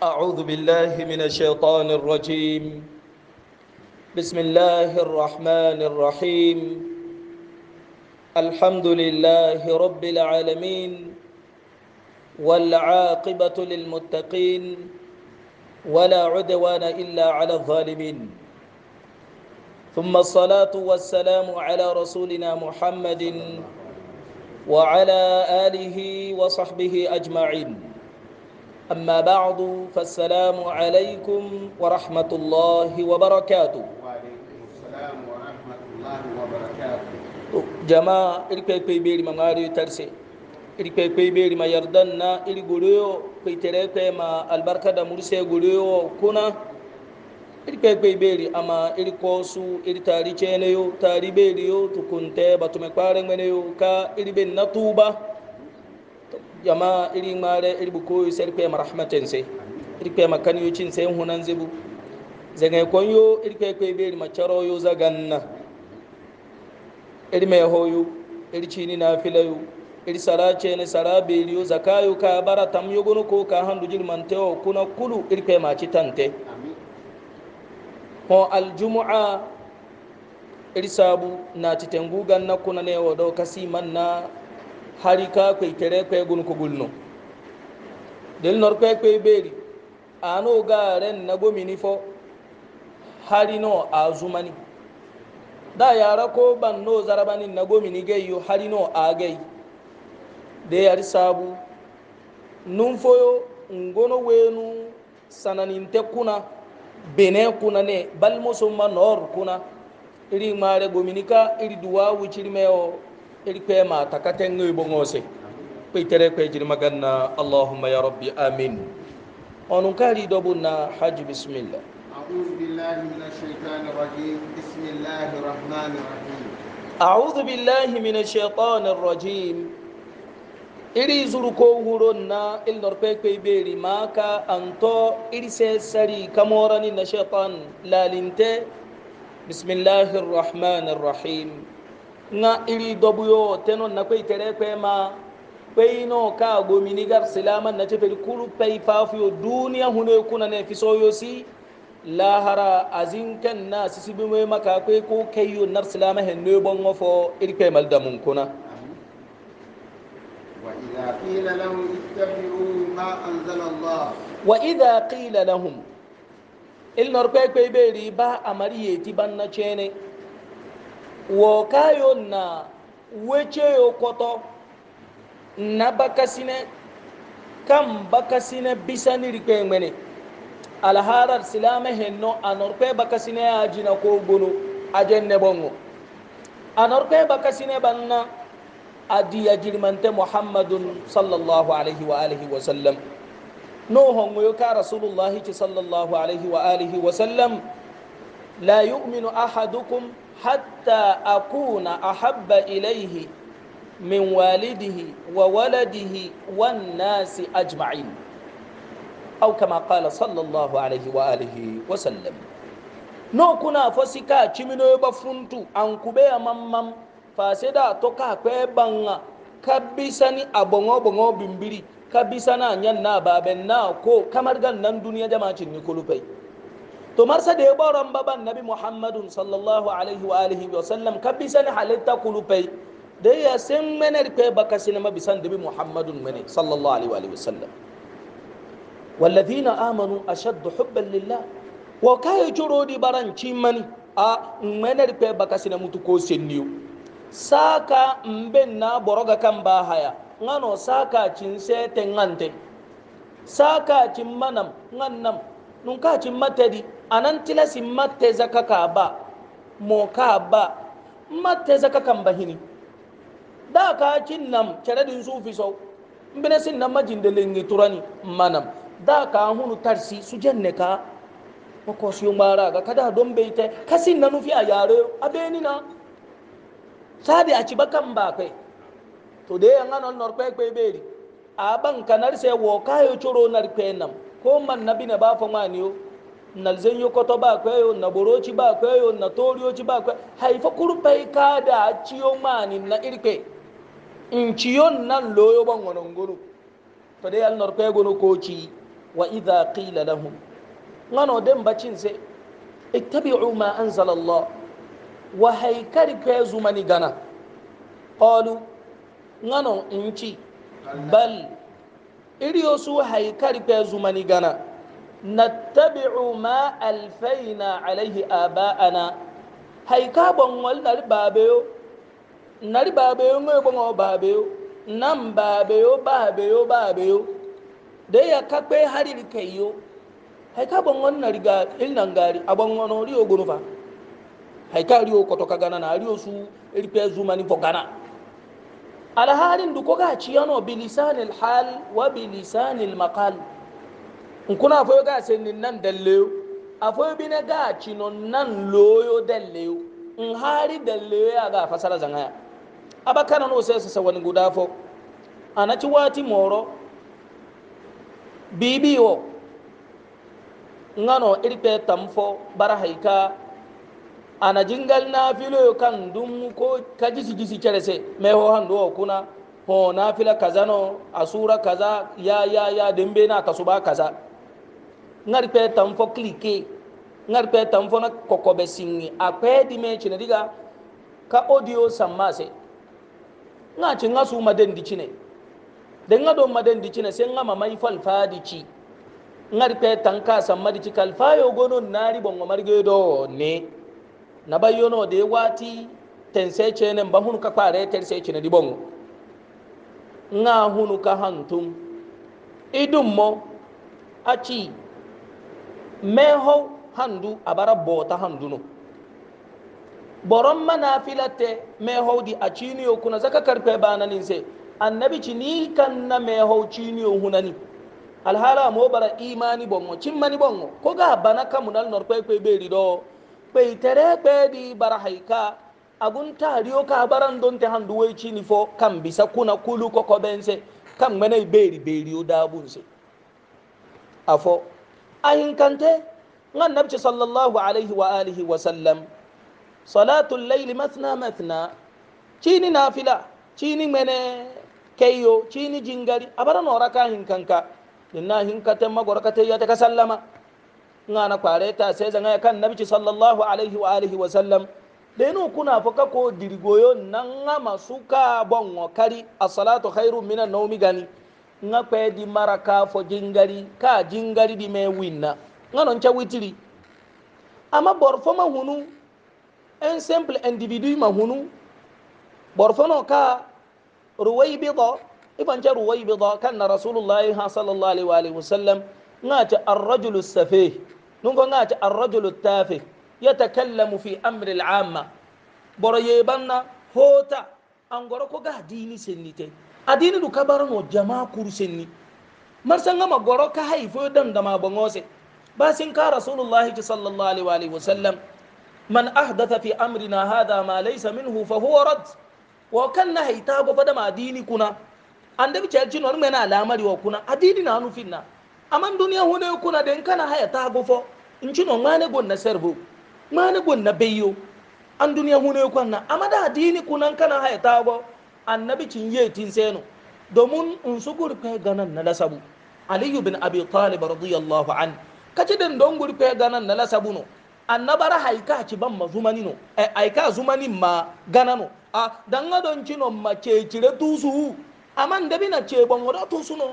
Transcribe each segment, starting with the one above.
أعوذ بالله من الشيطان الرجيم بسم الله الرحمن الرحيم الحمد لله رب العالمين والعاقبة للمتقين ولا عدوان إلا على الظالمين ثم الصلاة والسلام على رسولنا محمد وعلى آله وصحبه أجمعين أما بعد فالسلام عليكم ورحمة الله وبركاته وعليكم السلام ورحمة الله وبركاته جماعة إلقى بيبير مغاري ترسي إلقى بيبير ما يردنا إلقى بليو بيتريك ما البركة دا مرسي بليو كنا irikpe kpe ibeeri ama irikoosu iri taari ceene yo taari beeri yo tukunte batume kpaare ŋmene yo ka iribe na tuuba yama iri ŋmaare iri bukuyu se iri kpeema rahmaten se iri kpeema kaniyocin se hunanze bu zeŋe konyo iri kpe kpe be irima caroyo zaganna iri mehoyu iri cini nafilayu iri sara cene sara beriyo zakayo ka bara tam yogono ko ka handu jirimante o kuna kulu iri kpeema citante ho aljumua iri sabu natitengu ganna kuna ne o do kasi manna Harika kwe kwai kwe gunu gun ku gulno del nor kwai kwai beri ano ga ren na gomini fo hari no azumani da yara ko ban no zarabani na gomini gayyo hari no agai de yari sabu nun foyo ngono wenu sananinte kuna bene kuna ne balmusumma nor kuna iri mare gomini ka iri duwa wucirmeo إلكوي تكتن يبغوسي كويتري كوي جرما اللهم يا ربي آمين ونكاري دوبنا حج بسم الله أعوذ بالله من الشيطان الرجيم بسم الله الرحمن الرحيم أعوذ بالله من الشيطان الرجيم إلي zuru ko huro na ilnor kwekwe beri maka anto iri sari kamorani na shaitan lalinte bismillahir rahmanir na iri dobuyo teno na kwe tere kwe ma kwe ino ka gomini gar silaman na chepe kuru pai yo dunia hune kuna ne yo si lahara azin kan na sisi bimwe maka kwe ko kayo nar silama hen ne bon ngofo iri kai mal da mun kuna وإذا قيل لهم اتبعوا ما أنزل الله وإذا قيل لهم إلنا ركوي كوي بيري با أمريتي بنا تشيني wokayo na wecheyo koto na bakasine kan bakasine bisaniri kpe ŋmene alharar silame henno anor kpe bakasine ya jina ko gono ajenne bongo anor kpe bakasine banna adiya jirmante muhammadun sallallahu alaihi wa alihi wa sallam no hongoyo ka rasulullahi ci sallallahu alaihi wa alihi wa sallam la yu'minu ahadukum حتى أكون أحب إليه من والده وولده والناس أجمعين أو كما قال صلى الله عليه وآله وسلم no kuna fosika chimino ba funtu ankube amammam faseda toka kwe banga kabisani abongo bongo bimbiri kabisana na baben na ko kamar gan nan duniya jama cin ni kulupai to marsa da ya boron baban nabi muhammadun sallallahu alaihi wa alihi wa sallam kabisan halitta kulupai da ya sin mene rufe baka sinima bisan dabi muhammadun mene sallallahu alaihi wa alihi wa sallam wallazina amanu ashaddu hubban lillah wa kaya juro di baran cimani a mene rufe baka sinima mutu ko sinniyo saka mben na boroga kan ba haya ngano saka cin sete ngante saka cin manam ngannam nun ka cin matadi anan si matte zaka ka ba mo ka ba matte zaka kan bahini da ka kin nam kere din sufi so mbene sin nam majin de lengi turani manam da ka hunu tarsi su jenne ka ko su mara ga kada don beite kasin nanu fi a yare abeni na sabe a ci bakan ba kai to de yan anon nor pe pe beri a ban kanar se wo kayo choro nar pe nam ko man nabi na ba fa maniyo na yokoto ba kweyo na boroci ba kweyo na torioci ba kweyo haifa kurfai ka da ciyo mani na irke in ciyo nan loyo ban wani guru to dai al norpe gono koci wa idha qila lahum ngano den bacin se ittabi'u ma anzala Allah wa haikari kwe zumani gana qalu ngano inci bal iriyo su haikari kwe zumani gana nattabi'u ma alfaina alaihi aba'ana haika bon wal nari babeyo nari babeyo ngoy bon babeyo nam babeyo babeyo babeyo de ya kakpe hariri kayo haika bon wal nari ga ilnan gari abon wono ri ogunu fa haika ri o kotoka gana na ri osu ri pe zuma ni fogana alhalin duko ga ciyano bilisanil hal wa bilisanil maqal nkuna afoyo ga se ni nan dalleyo afoyo bi ne ga ci no nan loyo dalleyo in hari dalleyo ya ga fasara zangaya abakana no sai sa wani guda fo anaci wati moro bibiyo ngano irpe tamfo bara haika ana jingal na filo kan dum ko kaji si gisi cerese me ho hando kuna ho na fila kazano asura kaza ya ya ya dembe na tasuba kaza ngar pe tam fo clique pe tam fo na kokobe singi a pe di me chine diga ka audio sammase nga ci nga su maden di chine de nga do maden di chine se nga mamai fal fadi chi ngar pe tan ka sammadi chi kal fayo gono nari bongo marge do ne na bayono de wati tense chene mbahunu ka kware tense chine di bongo nga hunu ka hantum idummo aci mai handu abara bara bota handu no boron mana filate mai di a ciniyo kuna zaka karfe bananin sai annabi ci ni kan na mai ciniyo hunani alhala mo bara imani bongo cimmani bongo ko ga bana kamunal nor kwe kwe beri do kwe tere kwe di bara haika agun tariyo ka baran don te handu wai cini fo kan bisa kuna kulu koko bense kan mene beri beri o dabunse afo ayin kante ngan nabci sallallahu alaihi wa alihi wa sallam salatul layli mathna mathna chini nafila chini mene keyo chini jingari abara nora ka hinkanka dinna hinkate magora kate ya ta sallama ngana kware ta sai zanga kan nabci sallallahu alaihi wa alihi wa sallam lenu kuna foka ko dirigoyo nan ngama suka bongo kari as-salatu khairu minan nawmi gani nga kwe di mara ka fo jingari ka jingari di me winna nga non cha witiri ama borfo ma hunu en simple individu ma hunu borfo no ka ruwai bidha ibn cha ruwai bidha kanna rasulullah sallallahu alaihi wa alihi wasallam nga ta ar-rajul as-safih nungo nga ta ar-rajul at yatakallamu fi amri al-amma boroye banna hota angoro ko ga dini senite adini du kabarano jama kursenni marsanga magoro ka haifo dan da ma bangose ba sin ka rasulullah sallallahu alaihi wa sallam man ahdatha fi amrina hadha ma laysa minhu fa huwa rad wa kanna haita go fada ma adini kuna andabi chalchi no mena alamari wa kuna adini na anufinna aman duniya hono kuna den kana hayata go fo inchi no ngane go na servo ngane go na beyo an duniya hono kuna amada adini kuna kana hayata go annabi cin yi tin seno domin in su gurfe ganan na lasabu aliyu bin abi talib radiyallahu an kaci din don gurfe ganan na lasabu no annabara haika ci ban ma zumani no ai eh, aika zumani ma gana no a ah, dan adon cino ma ce cire tusu aman da bina ce ban wada tusu no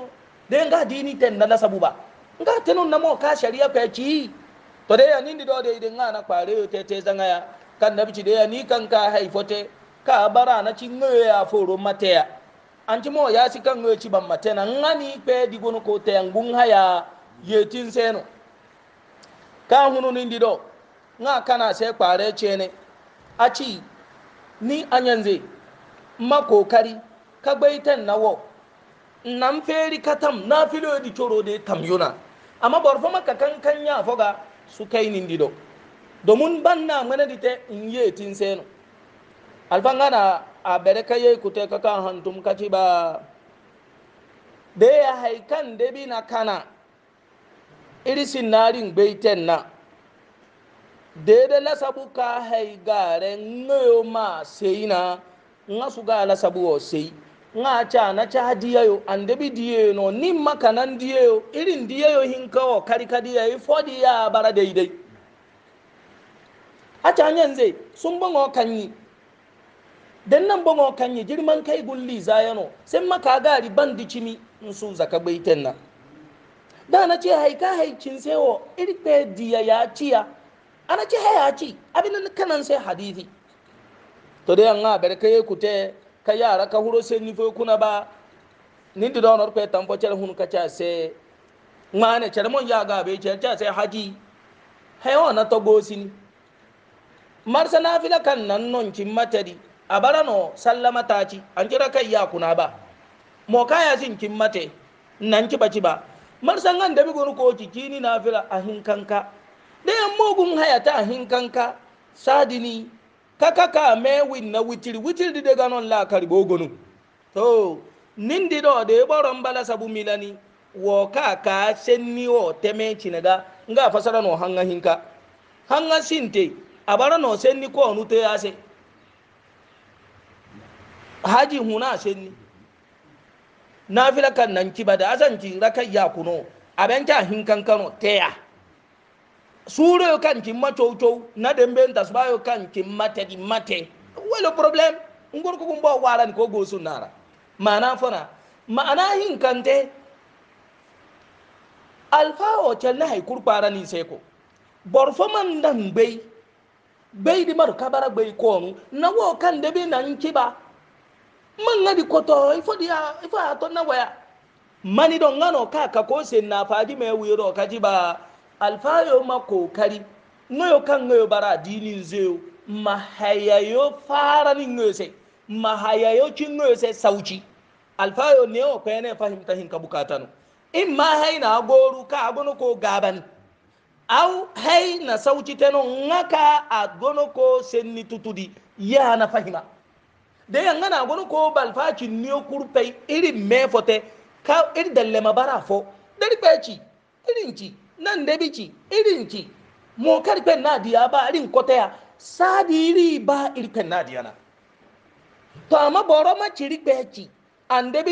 dai ga dini ten na lasabu ba nga tenun na mo ka shari'a ka ci to dai ya nindi do dai din na kware te zanga ya kan nabi ci dai ni kan ka haifote ka bara na ci ngoyo ya foro matea anti mo ya si kan ngoyo ci ban matena ngani pe di gono ko te ngun haya yetin seno ka hunu ni ndido nga kana se kware chene aci ni anyanze ma kokari ka gbaitan nawo nan feri katam na filo di coro de tamyuna amma barfa maka kankan ya foga su kai nin dido domin ban mana dite in seno alfangana a bere ka yi kute ka kan hantum ka ba da ya haikan da bi na kana irisin narin baiten na daidai lasabu ka hai gare ngayo ma sai na nga su ga lasabu o sai nga cha na cha diya yo ande bi diye no ni maka nan yo irin diye yo hinka o kari diya yi fodi ya bara daidai a cha nyanze sun bango kanyi dan nan bango kan yi girman kai gulli zayano sai maka gari ban dicimi in su zaka baiten nan da na ce haika haikin sewo irte diya ya ciya ana ce haya ci abin nan kanan sai hadithi to dai an ga barkai ku te ka yara ka huro sai ni fo kuna ba ni di don orpe tambo cer hun ka cha se ngane cer mon ya ga be cer cha se haji hayo na to gosini marsa nafila kan nan non kin matari abara no sallama taci an kira kai ya kuna ba mo kaya sin kin mate nan ki baci ba mar sangan da bigon ko kini na fila a hinkanka da yan mugun hayata a hinkanka sadini kaka ka me win na witir witir di daga non la karibo gonu to nindi do de boron bala sabu milani wo ka ka senni wo teme cinaga nga fasara no hanga hinka hanga sinte abara no senni ko onu te ase haji huna senni nafila kan nan kiba da azanci raka ya kuno abenta hinkan kano teya suro kan kin macocau na dembe tasbayo kan kin mate di mate wala problem ngor ko gumbo waran ko go sunara mana fana ma'ana hinkan te alfa o challa hay kurpara ni seko borfo man dan bai bai di mar kabara bai ko na wo kan debe nan kiba man na di koto ifo di ifo ato na waya mani don ngano ka ka ko sen na faji me kadi ka ji ba alfayo ma kokari ngoyo kan ngoyo bara dini zeo mahayayo fara ni ngoyo se mahayayo cin ngoyo se sauci alfayo ne o ko ne fahimta hin ka bukata no in ma haina goru ka gono ko gaban au hai na sauci teno ngaka a gono ko sen ni tutudi ya na fahima de yanga na gonu ko balfa ci niyo kurpe iri me fote ka iri dalle mabara fo dari pe ci nchi, ci nan de bi ci irin ci mo kar pe na diya ba irin kote ya sadi iri ba iri pe na diya na to amma boro ma ci ri an de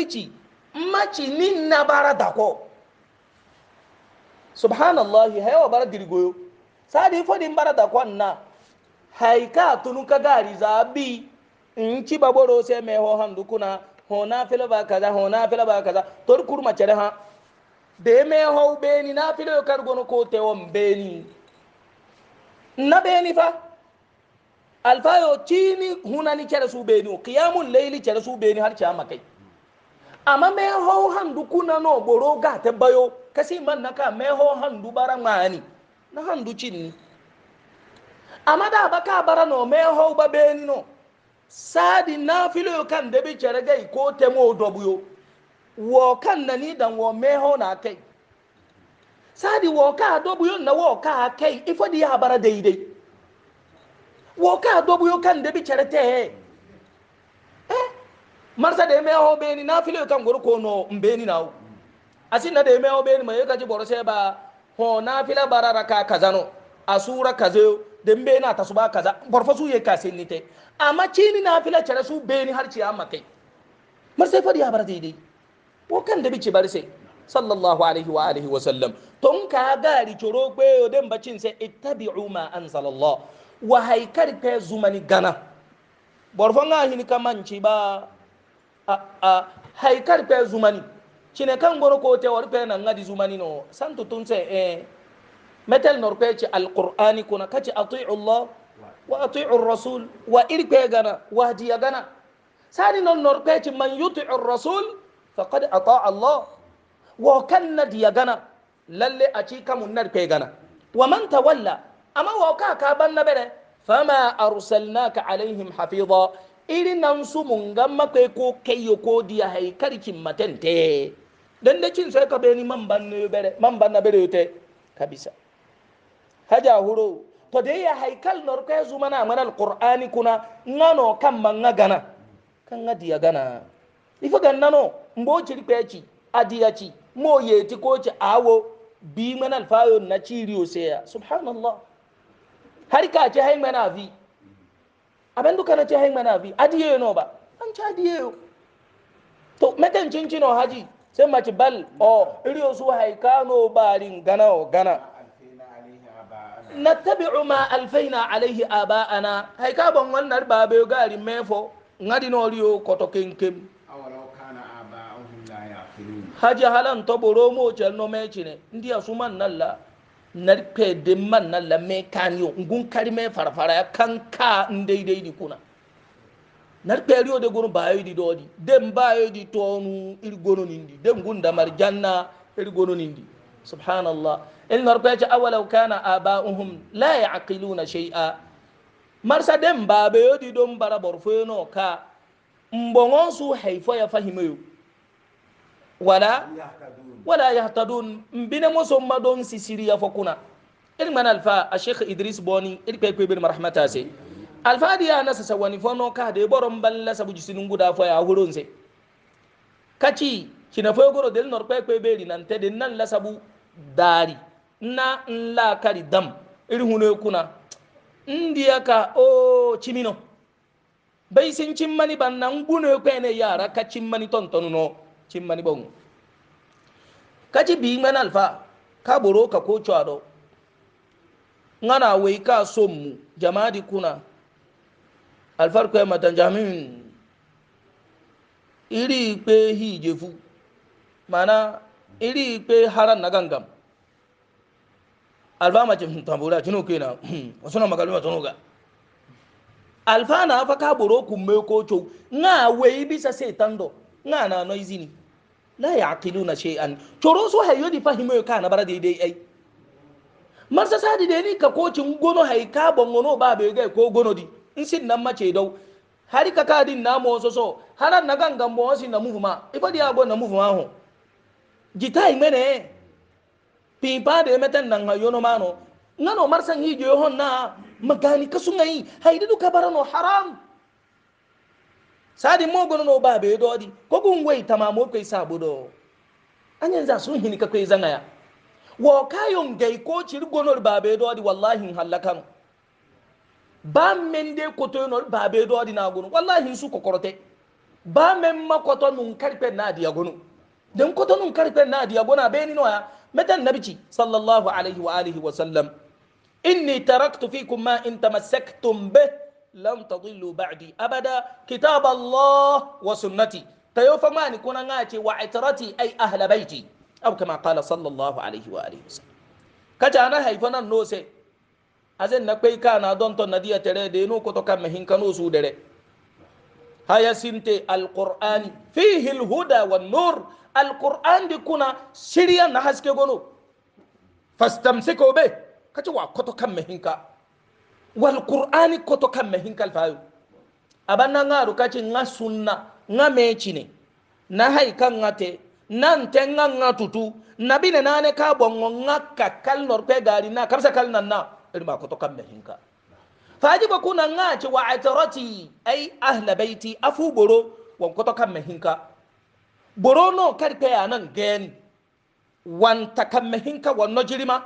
ma ci ni na bara da ko subhanallah hayo bara dirigoyo sadi fo din bara da ko na haika tunun ka gari zabi inci baboro se me ho handu kuna ho na fila ba kaza ho na fila ba kaza tor kurma cere ha de me ho beni na fila kar gono ko te won beni na beni fa alfayo chini hunani cere su beni qiyamul layli cere su beni har ciya makai amma me ho handu kuna no boro ga te bayo kasi man naka me ho handu bara mani na handu chinni amma da baka bara no me ho ba beni no sadi na filo kan da bi cere gai ko temo dobuyo wo kan na ni dan wo meho na kai sadi wo ka dobuyo na wo ka kai ifo di ya bara daidai wo e ka dobuyo kan da bi cere ɛ marisa de da meho be ni na filo kan goro ko no mbe ni nawo asin na da meho be ni mai kaji boro sai ba ho na fila barara ka kazanɔ asuura kazo de mbe na tasuba kaza borfa ye ka sen ni te amma cini na fila cara su beni har ciya makai mar sai fadi ya bar daidai ko kan da bici bar sai sallallahu alaihi wa alihi wa sallam ton ka gari coro gbe o den bacin sai ittabi'u ma anzalallah wa haikar ka zumani gana borfon ga hin kamanci ba a a haikar ka zumani cine kan goro ko te warfe nan ngadi zumani no santu tun sai eh metal norpe alqur'ani kuna kace ati'u allah wa ati'u rasul wa irpe gana wa hadiya gana sani non norpe ci man yuti'u rasul faqad ata'a allah wa kanna diya gana lalle a ci kamun narpe gana wa man tawalla amma wa ka ka ban na bere fama arsalnaka alaihim hafiza iri nan su mun ga makai ko kayo ko diya haikarkin matante dan da cin sai ka beni man ban na bere man ban na bere yote kabisa haja huro to de ya haikal nor ka zuma na mana alqur'ani kuna ngano kan manga gana kan ngadi ya gana ifa ganna no mbo ciri peci adiya ci mo yeti ko ci awo bi mana alfayo na ciriyo seya subhanallah har ka ci hay mana vi abin duka na ci hay mana vi adiye no ba an ci adiye to mekan cincino haji sai maci bal o iriyo su haikano barin gana o gana nattabi'u ma alfaina alayhi aba'ana hay ka bon wannan babe gari mefo ngadi no riyo koto kenkem awalau kana aba'uhum la yaqilun haji halan to boro mo chel no mechine ndi asuman nalla narpe de man nalla me kanyo ngun karime farfara ya kanka ndai dai di kuna narpe riyo de gonu bayo di dodi dem bayo di tonu irgono nindi dem gunda marjanna irgono nindi subhanallah il nor ko ya awalaw kana aba'uhum la ya'qiluna shay'a marsa dem babe yodi dom bara borfo no ka mbongon su haifo ya fahimayo wala wala yahtadun mbine mo somma don sisiri ya fokuna il man alfa a sheikh idris boni il pe pe bir marhamata se alfa dia nasa sawani fono ka de boron balla sabu jisinun guda fo ya huron se kaci kina fo goro del nor pe pe beri nan te den nan la sabu dari na nla kari dam iri kuna ndiya ka o oh, chimino bai sin chimmani banna ngune kwene yara ka chimmani tontonu no chimmani bon kaci bi mana alfa ka boro ka ko chwado ngana wei ka sommu jamaadi kuna alfar ko matan jamin iri pe hijefu mana iri pe haran na gangam alfa mace tambura cinu kenan wasu na magaluma tunu ga alfa na fa ka boro kumme ko cho nga we bisa se tando nga na no izini la yaqiluna shay'an choro so hayo di fahimo ka na bara dai ai marsa sadi da ni ka kocin gono hai ka bangono ba bai ga ko gono di in sin nan mace dau hari ka kadin na mo so so haran na gangan mo sin na muvuma ifadi abo na muvuma ho jita imene pipa de meten nan hayo no mano ngano marsan hi jo hon na magani kasungai haidi du kabarano haram sadi mo gono no ba be dodi ko gun wai tamamo kai sabudo anyan za sun hini ka kai zangaya wo kayon gai ko cir gonor ba be dodi wallahi halakan ba men de koto no ba be dodi na gono wallahi su kokorote ba men makoto nun karpe na dia gono dan ko tonun karpe na dia gona be ni noya metan nabici sallallahu alaihi wa alihi wa sallam inni taraktu fikum ma in tamassaktum bi lam tadillu ba'di abada kitab Allah wa sunnati tayo famani kuna ngace wa itrati ay ahla baiti aw kama qala sallallahu alaihi wa alihi wa sallam kaca ana haifa nan no se azin na kai ka na don ton nadiya tere de no ko to kam hin kanu su dere hayasinte sinte alqur'ani fihi alhuda wan nur alquran di kuna siriya na haske gono fastamsiko be kace wa koto kan mehinka wal qur'ani koto kan mehinka alfayu abanna ngaru kace nga sunna nga mechine na haika ngate nan te nga nga tutu nabi ne nane ka bongo nga ka kal nor pe gari na kamsa kal nan na irma koto kan mehinka faji ba kuna nga ce wa atarati ai ahla baiti afu boro won koto kan mehinka borono karpe anan gen wanta kamme hinka wanno jirima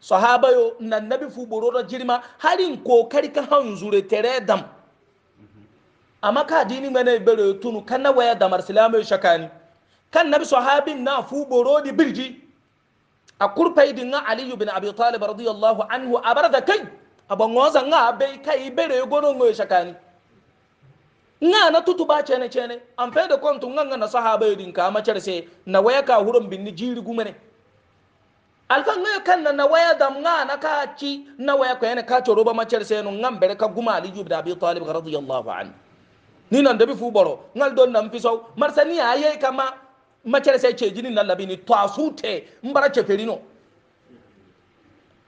sahaba yo nan nabi fu borono jirima harin kokari ka hanzure tere dam amma ka dini mene bere tunu kan na waya damar silamai shakani kan nabi sahabin na fu borodi birji a kurfai din na aliyu bin abi talib radiyallahu anhu abar da kai a bangon zanga bai kai bere gonon shakani nga na tutu ba chene chene am fe da kontu nga nga na sahaba yidin ka ma charse na waya ka hurum bin ni jiri gumene alfa nga kan na na waya dam nga na ka ci na waya ko yana ka choro ba ma charse no nga bere ka guma ali jubda abi talib radiyallahu anhu ni nan da bi fu boro ngal don nan fi saw marsani aye kama ma charse ce jini nan labini to asute mbara cheferino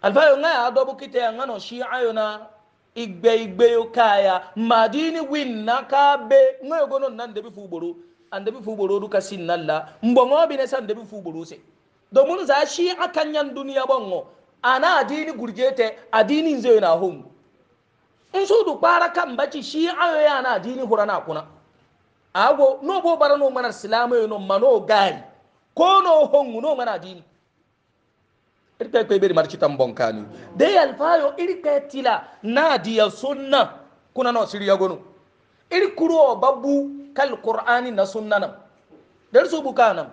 alfa nga ya dobu kite nga no shi ayona igbe igbe yoka ya madini win na ka be ngoyo gono nan da bifu ugboro an da bifu ugboro duka sin nalla mbo ngo bi ne san da bifu ugboro se domin za shi akan yan duniya bongo ana adini gurjete adini nzo na hom in so du para kan baci shi ayo ya na adini hurana na ago no bo bara no manar silama yo no mano gari ko no hongu no mana irka kwe beri marci tambon kami de alfayo irka tila na diya sunna kuna no siriya gonu irkuro babu kal qur'ani na sunna nam der su bukanam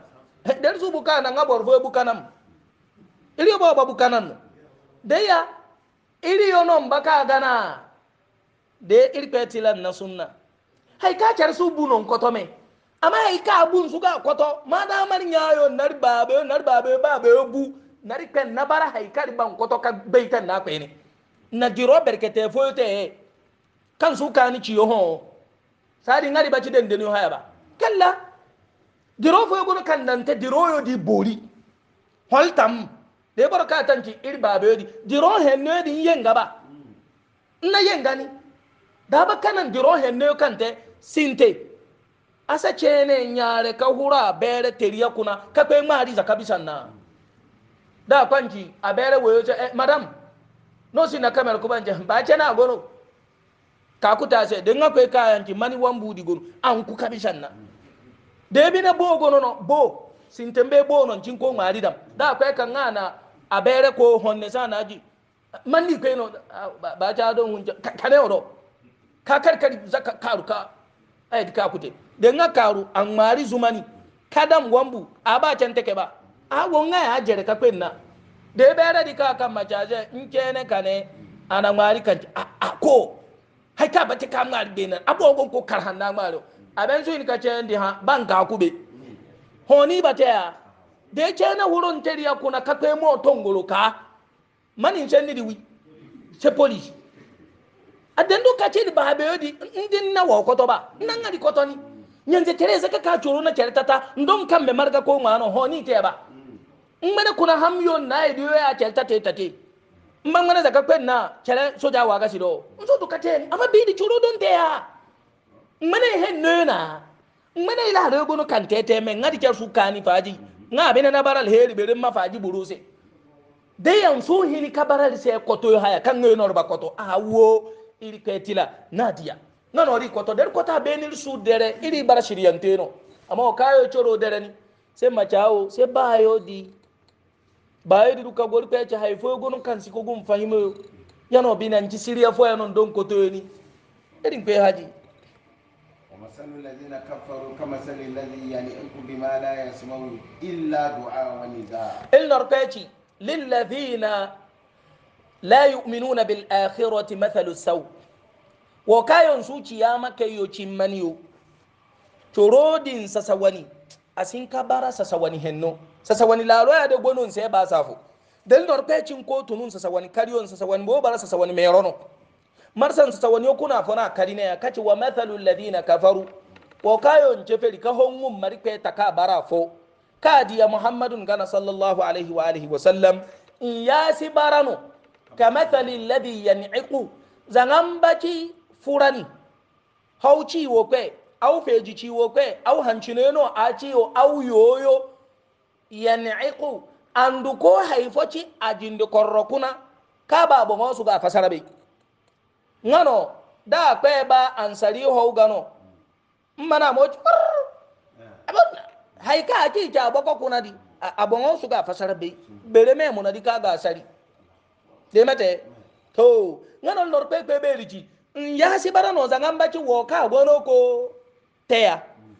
der su bukana ngabor fo bukanam iriyo ba babu kanan de ya iriyo no mbaka gana de irka tila na sunna hay ka char su bunon kotome ama hay ka bun suga koto madamar nyayo nar babe nar babe babe bu nari kpɛ nabara haikari ban kɔtɔ ka bɛyita na kpɛni na jirɔ bɛrɛkɛtɛ foyi tɛ e. kan su kaani ciyo hɔn saadi ŋari ba ci den deni haya ba kalla jirɔ foyi kono kan nante jirɔ yo di bori hɔl tam de bɔra k'a tan ci iri baabe yo di jirɔ hɛn ne di yenga ba na yenga ni daba kana jirɔ hɛn ne kan tɛ sinte asa cɛne nyaare ka hura bɛrɛ teriya kunna ka kpɛ ŋmaari zakabi san na da kwanji a bayar wayo ce eh, madam no si na kamar ku banje ba ce na gono ka ku ta sai dinga kai kayan ki mani wan budi gono an ku kabishan na da bi na bo gono no bo sin tembe bo non cin ko ngari dam da kai kan ngana a bayar ko honne sana ji mandi kai no ba ta don hunja kane odo ka karkari zaka karu ka ai ka kute dinga karu an mari zumani kadam wambu a ba can take ba awo nga ya jere ka kwenna de bere di ka kan macaje nkene kane ana ngari kan a, ko hay ka bati ka ngari de na abo gon ko karhan na ngari aben so ni ka che ndi ha banka kube honi bate ya de ce na wuron teriya kuna ka kwe mo tongolo ka mani ce ni di wi ce police aden do ka che di ba be yodi ndi na wo koto ba nan ngari koto ni nyanze tereza ka ka choro na chere tata ndo nka me marga ko ngano honi te ba ngbene kuna hamyo na ediyo ya chelta tate tate mba ngana zaka na chele soja waga sido nso tu katen ama bi di churo don ya ngbene he na, ngbene ila hado gono kan tete me ngadi chel sukani faji nga bene na baral heri bere ma faji buruse de yan so hini kabaral se koto haya kan ngoy norba koto awo iri kwetila nadia ngana ori koto der kota benil su dere iri bara shiriyanteno ama o kayo choro dere ni se machao se bayo di bayidi duka gol pece hay fo gonu kansi ko gum fahimo yano binan ci siriya fo yanon don ko toyoni edin pe haji ومثل الذين كفروا كمثل الذي يليق بما لا يسمع إلا دعاء ونداء إلا رباتي للذين لا يؤمنون بالآخرة مثل السوء وكايون سوتي يا مكي يوتشمانيو ترودين سسواني أسين كبارا سسواني هنو sasa wani laro ya da gbonon sai ba safo dalil nor pecin ko tunun sasa wani kariyon sasa wani bobara sasa wani merono marsan sasa wani kuna fona karine ya kace wa mathalul ladina kafaru wa kayon jeferi ka hongun marike ta ka bara fo kadi ya muhammadun gana sallallahu alaihi wa alihi wa sallam in yasi barano ka mathalil yan'iqu zangan furani hauci wo kwe au feji ciwo kwe au hancine no au yoyo yan'iqu anduko haifoci ajinde korrokuna ka ba bongo su ga fasara bai ngano da kwe ba ansari ho gano mana mo haika aki ki aboko kuna di abongo su ga fasara bai bere munadi ka ga sari de to ngano lor pe pe beriji ya bara no zangamba wo ka gono teya mm.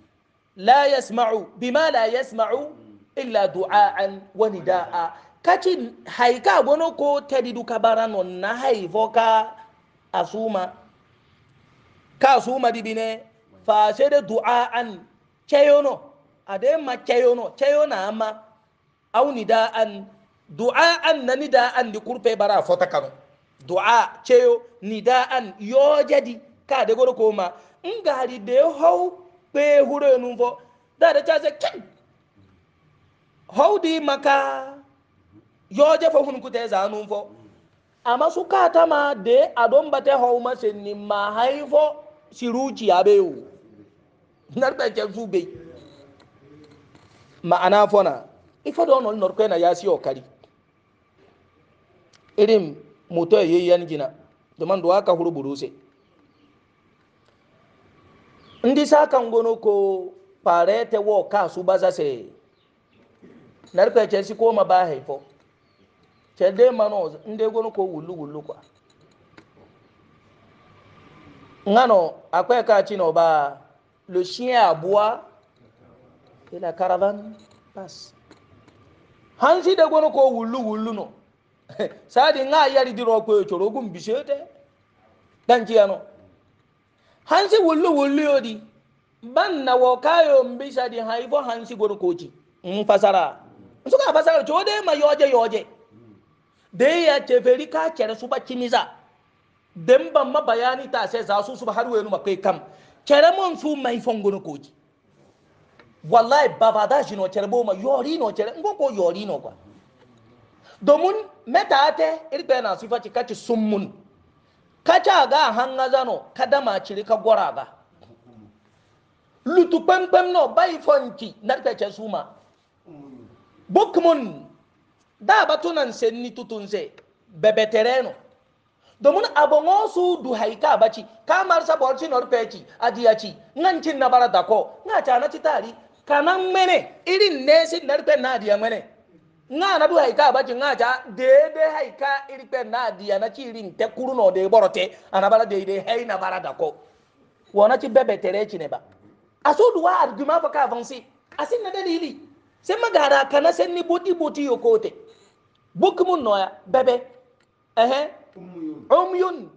la yasma'u bima la yasma'u illa du'a'an wa nida'a kaci haika gono ko tedi duka barano na haifo ka asuma ka asuma dibine fa sai da du'a'an ceyono ade ma ceyono ceyona ama au nida'an du'a'an na nida'an di kurpe bara fota kanu du'a ceyo nida'an yo jadi ka de gono ko ma ngari de hau pe huro nunfo da da cha se howdi maka yoje fo hun kute zanum fo amma su katama de adon bate howma senni ma hay fo siruci abewu narɓecen su bey ma'ana fona ifo ɗo non norkoyna yasiyo kari irin moto e yeyyan jina doman duwa ka huru buruse ndi sakan gono ko parete wo ka subasa see narkwe ce si koma ba haifo ce dai mano inda gwani ko wulu wulu kwa ngano akwai ka ci no ba lo chien aboie et la caravane passe hansi de gwani ko wulu wulu no sadi nga yari diro ko choro gum bisete danji ano hansi wulu wulu yodi ban na wo kayo mbisa di haifo hansi gwani ko ci in fasara suka fasara to dai ma yoje yoje dai ya ce feri ka kere su ba kiniza dan ban ma bayani ta sai za su su har wayenu ma kam kere mun su mai fongono koji wallahi baba da shi no kere bo ma yori no kere ngo ko yori no kwa domin meta ate irbe na sifa ci kaci summun kaca ga hanga zano kada ma ciri ka gora ga lutu pempem no bai fonki narkace suma bokmon da ba tunan sen ni tutun se bebe tereno domin abin su du haika baci kamar sabuwar cinar peci ajiyaci nan cin na bara dako nga ta na tari kanan mene irin ne sin na rufe na adiya mene nga na du haika baci nga ta dede haika irpe na adiya na ci irin te kuru no de borote ana bara dede hai na bara dako wana ci bebe tere ne ba aso duwa argument fa ka avancer asin na dalili sai magara kana sai ni boti boti yokote no ya bebe ehe umyun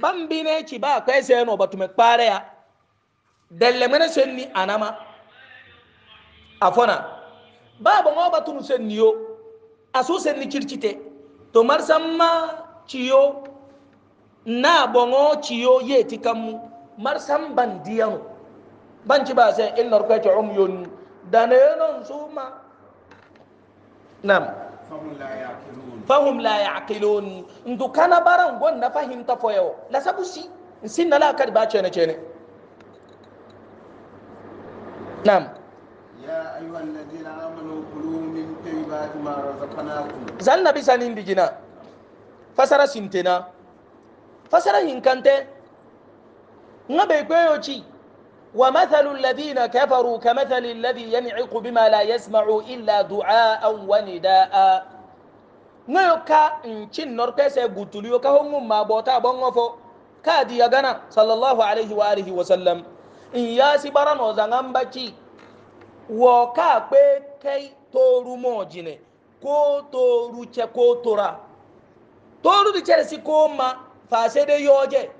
bambi ne ci ba kai sai no batume kpare ya dalle mene sai ni anama afona baba ngo batun sai ni yo aso sai ni kirkite to mar samma ciyo na bongo ciyo yeti kamu mar sam bandiyano banci ba sai illar kai umyun da na eh, yanon su ma nam fahim la ya akiloni ndu kana baran gwan na fahimta foyo la sabusi sin na la kadi ba cene cene nam ya ayyuha alladhina amanu kulu min tayyibati ma razaqnakum zan nabi sanin digina fasara sintena fasara hinkante ngabe kweyo chi ومثل الذين كفروا كمثل الذي ينعق بما لا يسمع إلا دعاء ونداء ŋoyo ka ncin norpese gutuliyo ka hongun ma bota bongo fo ka diya gana sallallahu alaihi wa alihi wa sallam in yasi barano zangan baci wo ka pe kai toru mojine ko toru ce ko tora toru di cere si ko ma yoje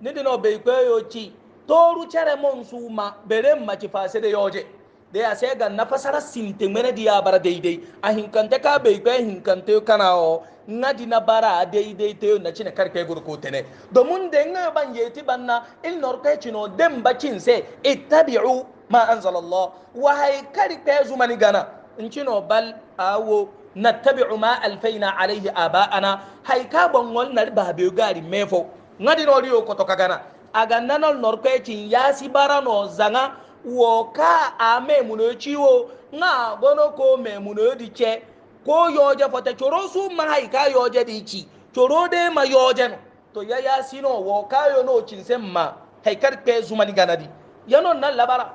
nidino be yo ci toru cere mon su ma bere maci fase da yoje da ya sai ga na fasara sinte mene diya bara daidai a hinkante ka bai kai hinkante kana o na di na bara daidai te na cine karfe gurkote ne domin da yin ban yeti banna il norkai cino den bakin sai ittabi'u ma anzalallah wa hay karfe zumani gana in cino bal awo nattabi'u ma alfaina alaihi aba'ana hay ka ban wannan ba bai gari mefo ngadi no riyo koto kagana aga nanol norkwechin yasi barano zanga wo ka a memuno ciwo nga gono ko memuno di ce ko yoje fote coro su mahai ka yoje di ci coro de ma yoje no to ya yasi no wo ka yo no cinse ma haikar pe zumani ganadi yano nan labara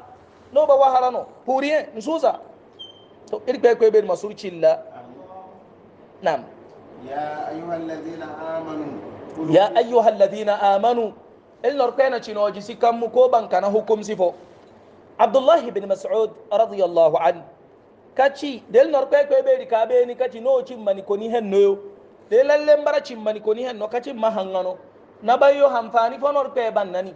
no ba wahara no puriye nsusa to irkwe kwe be masurcin la nam ya ayyuhal ladina amanu ya ayyuhal ladina amanu el norkena cinoji si kammu ko bankana hukum sifo abdullahi bin mas'ud radiyallahu an kaci del norkwe kwe beri ka beni kaci no cimmani koni hen noyo de lalle mbara cimmani koni hen no kaci mahangano na bayo hamfani fo norkwe ban nani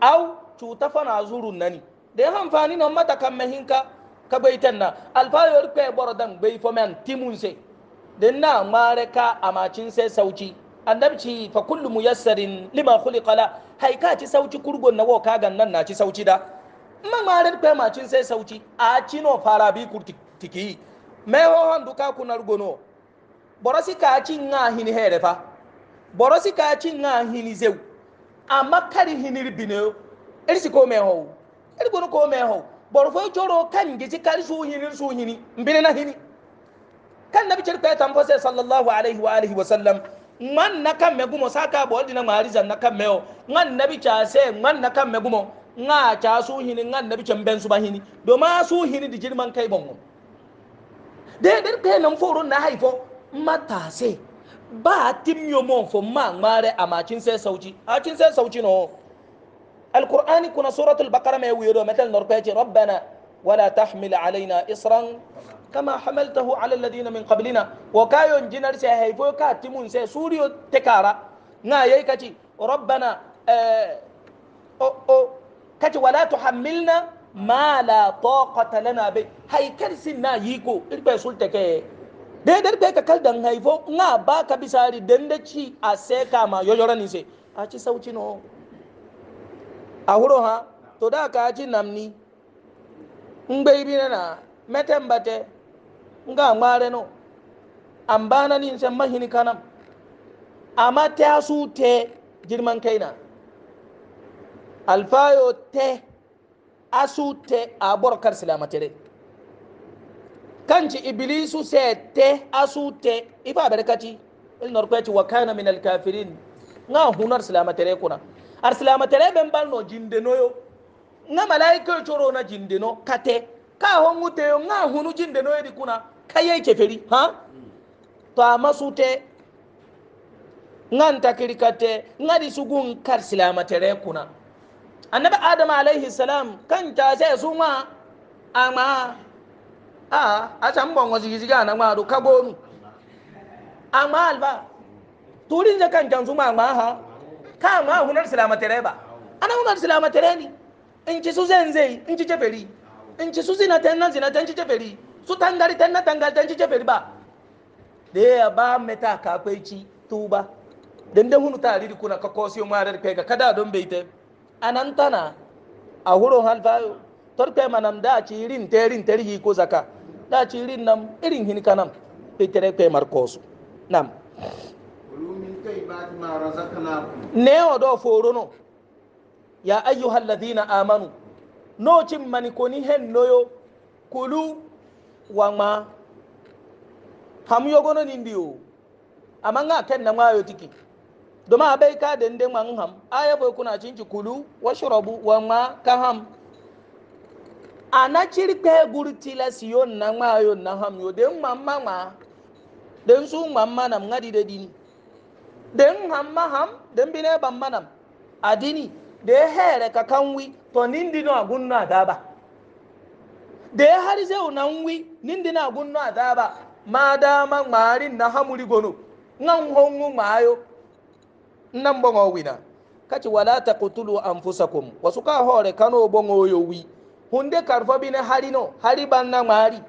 aw cuta fana zurun nani de hamfani non mata kam mehinka ka bai tanna alfayor kwe borodan bai fo men timunse den na mare ka amacin annabi ci fa kullu muyassarin lima khuliqa la hay ka ci sauci kurgon na wo ka gannan na ci sauci da ma marar pe ma cin sai sauci a cino fara bi kurti tiki me ho han duka kunar gono borosi ka ci nga hini here fa borosi ka ci nga hini zew amma kari hini bine irsi ko me ho ir gono ko me ho boro fo choro kan gici kari su hini su hini mbine na hini kan nabi cerpe tan sallallahu alaihi wa alihi wa sallam ngan na kan me gumo saka bo dina mari zan na kan me o ngan nabi cha se ngan na kan me gumo nga cha su hini ngan nabi chan ben su ba hini do ma su hini di jirman kai bongo de de ke nan foro na haifo mata se ba tim yo mon fo ma mare amacin sai sauci acin sai sauci no alqur'ani kuna suratul baqara me wiyo do metal norpeche rabbana wala tahmil alaina isran kama hamaltahu ala alladhina min qablina wa kayon jinar sai haifo ka timun sai suriyo tekara na yayi kaci rabbana o o kaci wala tuhammilna ma la taqata lana bi haikar sinna yiko irbe sulte ke dai dai kai ka kaldan haifo na ba ka bisari dandaci a sai kama yoyorani sai a ci sauci no a huro ha to da ka ci namni ngbe ibi na na mete mbate nga ŋmaare no ambaana ni nsɛm mahini kanam ama tɛasu tɛ girman kaina alfayo tɛ asu tɛ a bɔrɔ kar silama tere kanci ibilisu sɛ tɛ asu tɛ ifa barkati il norkweci wa kana min alkafirin nga hunar silama kuna ar silama tere ben bal no jindeno yo nga malaika coro na jindeno kate ka hongu yo nga hunu jindeno yedi kuna kaye keferi ha to amma su te ngan takirkate ngadi sugun kar silama tere kuna annabi adam alaihi salam kan ta sai su ma amma a a can bon wasu gizi ga nan maro ka gonu amma alba turin da kan can su ma ha ka ma hunar silama tere ba ana hunar silama tere ni in ci su zenzei in ci teferi in ci su zinaten nan zinaten ci teferi su tangari tan na tangal tan ci cefe ba da ya ba meta ka kai ci tuba dan dan hunu tari kuna ka kosi mu arar kai ga kada don bai ta anantana a huro halfayo torpe manam da ci rin terin terhi ko zaka da ci rin nam irin hin kanam pitere pe markosu nam ne o do forono ya ayyuhal amanu no cin mani hen noyo kulu wama ham yogono nindi o amanga ken na ngayo tiki doma abai ka den den man ham aya boy kuna cinci kulu washrabu wama ka ham ana cirke gurti la siyon na ngayo na ham yo den mamma ma den su mamma nam ngadi de dini den hamma ham den bine bamma nam adini de here ka kanwi to nindi no agunna daba da ya har zai na nwi nindi na gunno azaba ma dama ngmarin na hamuri gono ngan hongu mayo nan bongo wina kaci wala taqtulu anfusakum wasu ka hore kano bongo yo wi hunde karfa bine harino hari banna ngmari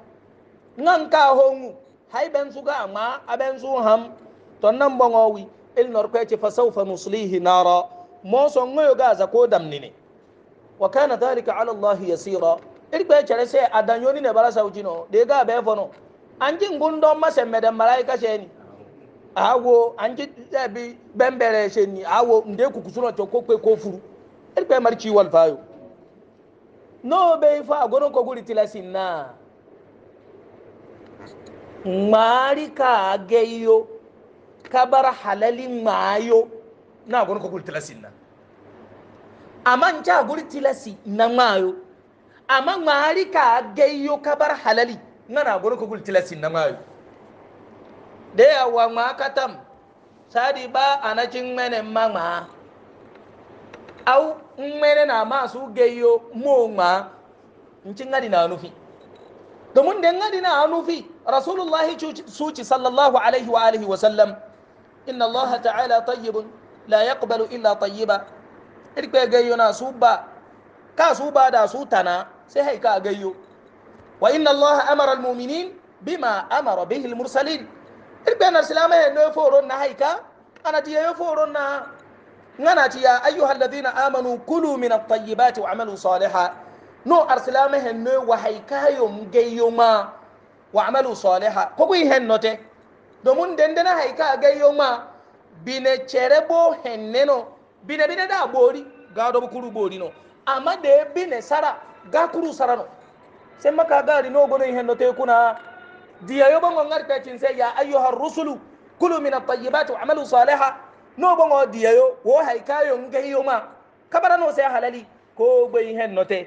ngan ka hongu hay ben suga ma aben su ham to nan bongo wi il norko ce fa sawfa nuslihi nara mo so ngoyo ga za ko damnine wa kana dhalika ala allah yasira irkwe chere se adanyoni ne bara saujino de ga be fono anji ngundo masemme de malaika sheni awo anji eh, bi bembere sheni awo nde kukusuno to kokwe ko furu irkwe marci wal fayo no be fa gono ko guri tilasin na marika geyo kabar halali mayo na gono ko guri tilasin na amanca guri tilasi na mayo amma ŋmaari ka gayyo kabar halali ngana goro kugul tilasin na mayu de ya wa ma katam sadi ba anacin mene ma ma au mene na ma su gayyo mo ma ncin ngadi na nufi domin da ngadi na nufi rasulullahi suci sallallahu alaihi wa alihi wa sallam inna allaha ta'ala tayyibun la yaqbalu illa tayyiba irkwe gayyo na su ba ka su ba da su tana sai haika gayyo wa inna allaha amara almu'minin bima amara bihi almursalin irbe na silama he no foron na haika ana ti yo foron na ngana ti ya ayyuha alladhina amanu kulu min at-tayyibati wa'malu salihan no arsilama he no wa haika yo gayyo ma wa'malu salihan ko yi hen note domin dendena haika gayyo ma bine cherebo henneno bine bine da bori gado bukuru bori no amma bine sara ga kuru sarano sai maka gari no gono hen no te kuna diya yo bongo ngarta cin sai ya ayyuhar rusulu kulu min at-tayyibati wa'malu salihan no bongo diya yo wo hay kayo ngai yo ma kabara no sai halali ko gbe hen no te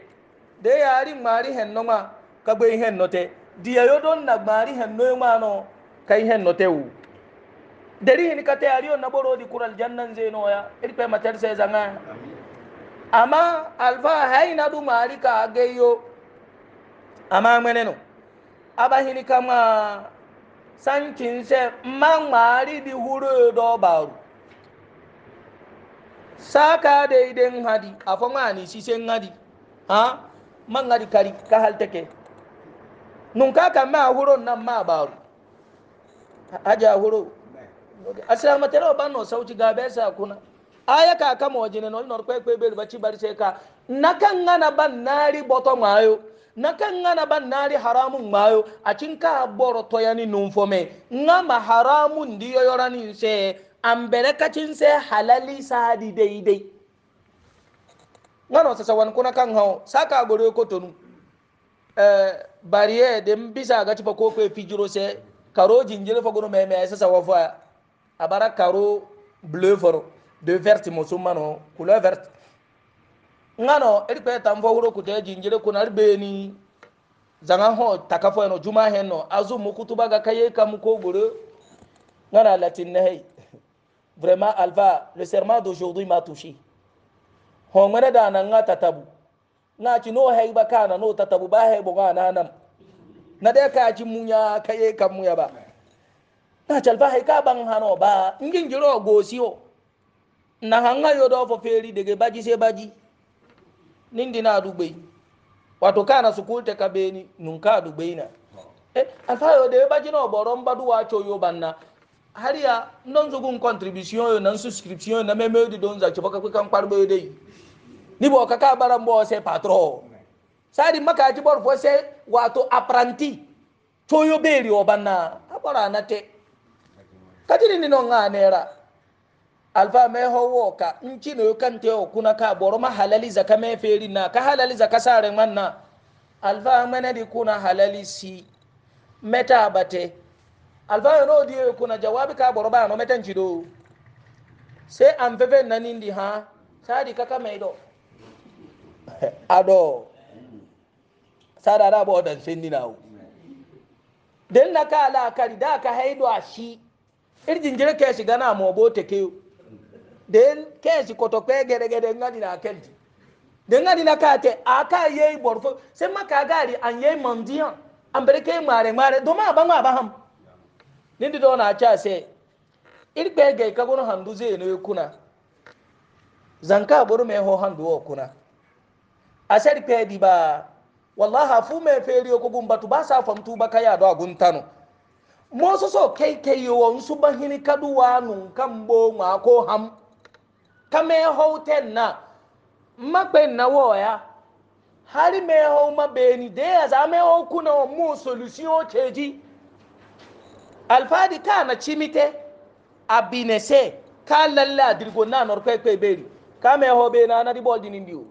de yari mari hen no ma ka gbe hen no te diya yo don na mari hen ma no kai hen te wu dari hin ka te ariyo na boro di kural jannan zeno ya irpe matar sai zanga amin amma alfa haina du marika geyo amma mene no aba hini kama sankin se ma mari di huru do baru saka daidai hadi afa ma ni sisen hadi ha man hadi kari ka hal take nun ka kan huru nan ma baru aja huru asalamu alaikum ban sauti ga besa kuna aya ka kama wajine no nor kwe kwe beri bachi bari seka nakanga na ban nari boto mayo nakanga na ban nari haramu mayo achinka boro toyani numfome ngama haramu ndiyo yorani nse ambere kachinse halali sadi deidei ngano sasa wan kuna kan hao saka gore ko tonu eh de dem bisa ga tipa ko kwe fijiro se karo jinjire fagono meme sasa wafa abara karo bleu foro de verte mo summano couleur verte ngano edi kwe tan fowuro kute jinjire kunar beni zanga ho takafo eno juma henno azu mu kutuba ga kaye kam ko goro ngana latin nahi vraiment alpha le serment d'aujourd'hui m'a touché ho ngana da nan ngata tabu na ci no hay ba kana no tatabu ba hay bo na nan na de ka ci munya kaye kam muya ba na chalfa hay ka ban hano ba ngin jiro gosiyo na hanga yodo fo feri daga baji sai baji nindi na dubai wato kana sukulte kabeni nunka dubai eh, na eh alfa yo de baji no boron badu wa cho yo banna har ya non zugun contribution yo nan subscription na meme di donza za ci baka kan kwarbe dai ni bo kaka baran bo sai patro sadi maka ji bor fo sai wato apprenti cho yo beri o banna abara na te kadiri ni no nga nera alfa mai hawo ka in kino kan te o kuna ka boro ma halali zaka mai feri na ka halali zaka sare manna alfa mana di kuna halali si meta bate alfa no di kuna jawabi ka boro ba no metan cido sai an fefe na nindi ha sadi kaka mai do ado sada da bo dan sendi nawo den na ka ala kari da ka haido a shi irjin jire ke shiga mo bo te den kesi koto kwe gere nga ngani na kelti den ngani na kate aka ye borfo se maka gari an ye mandiya an bere ke mare mare do ma ba ma ba ham nindi do na cha se ir kwe ge ka gono handu ze no kuna zanka boru handu o kuna asar kwe di ba wallahi fu me o ba sa kaya do mo so so kame houten na makpe na wo ya hari me ho ma beni de ya za me ho kuna mu solution cheji alfadi kana chimite abinese ka lalla dirgo na nor kwe kwe beri ka me ho be na na di boldi nindi o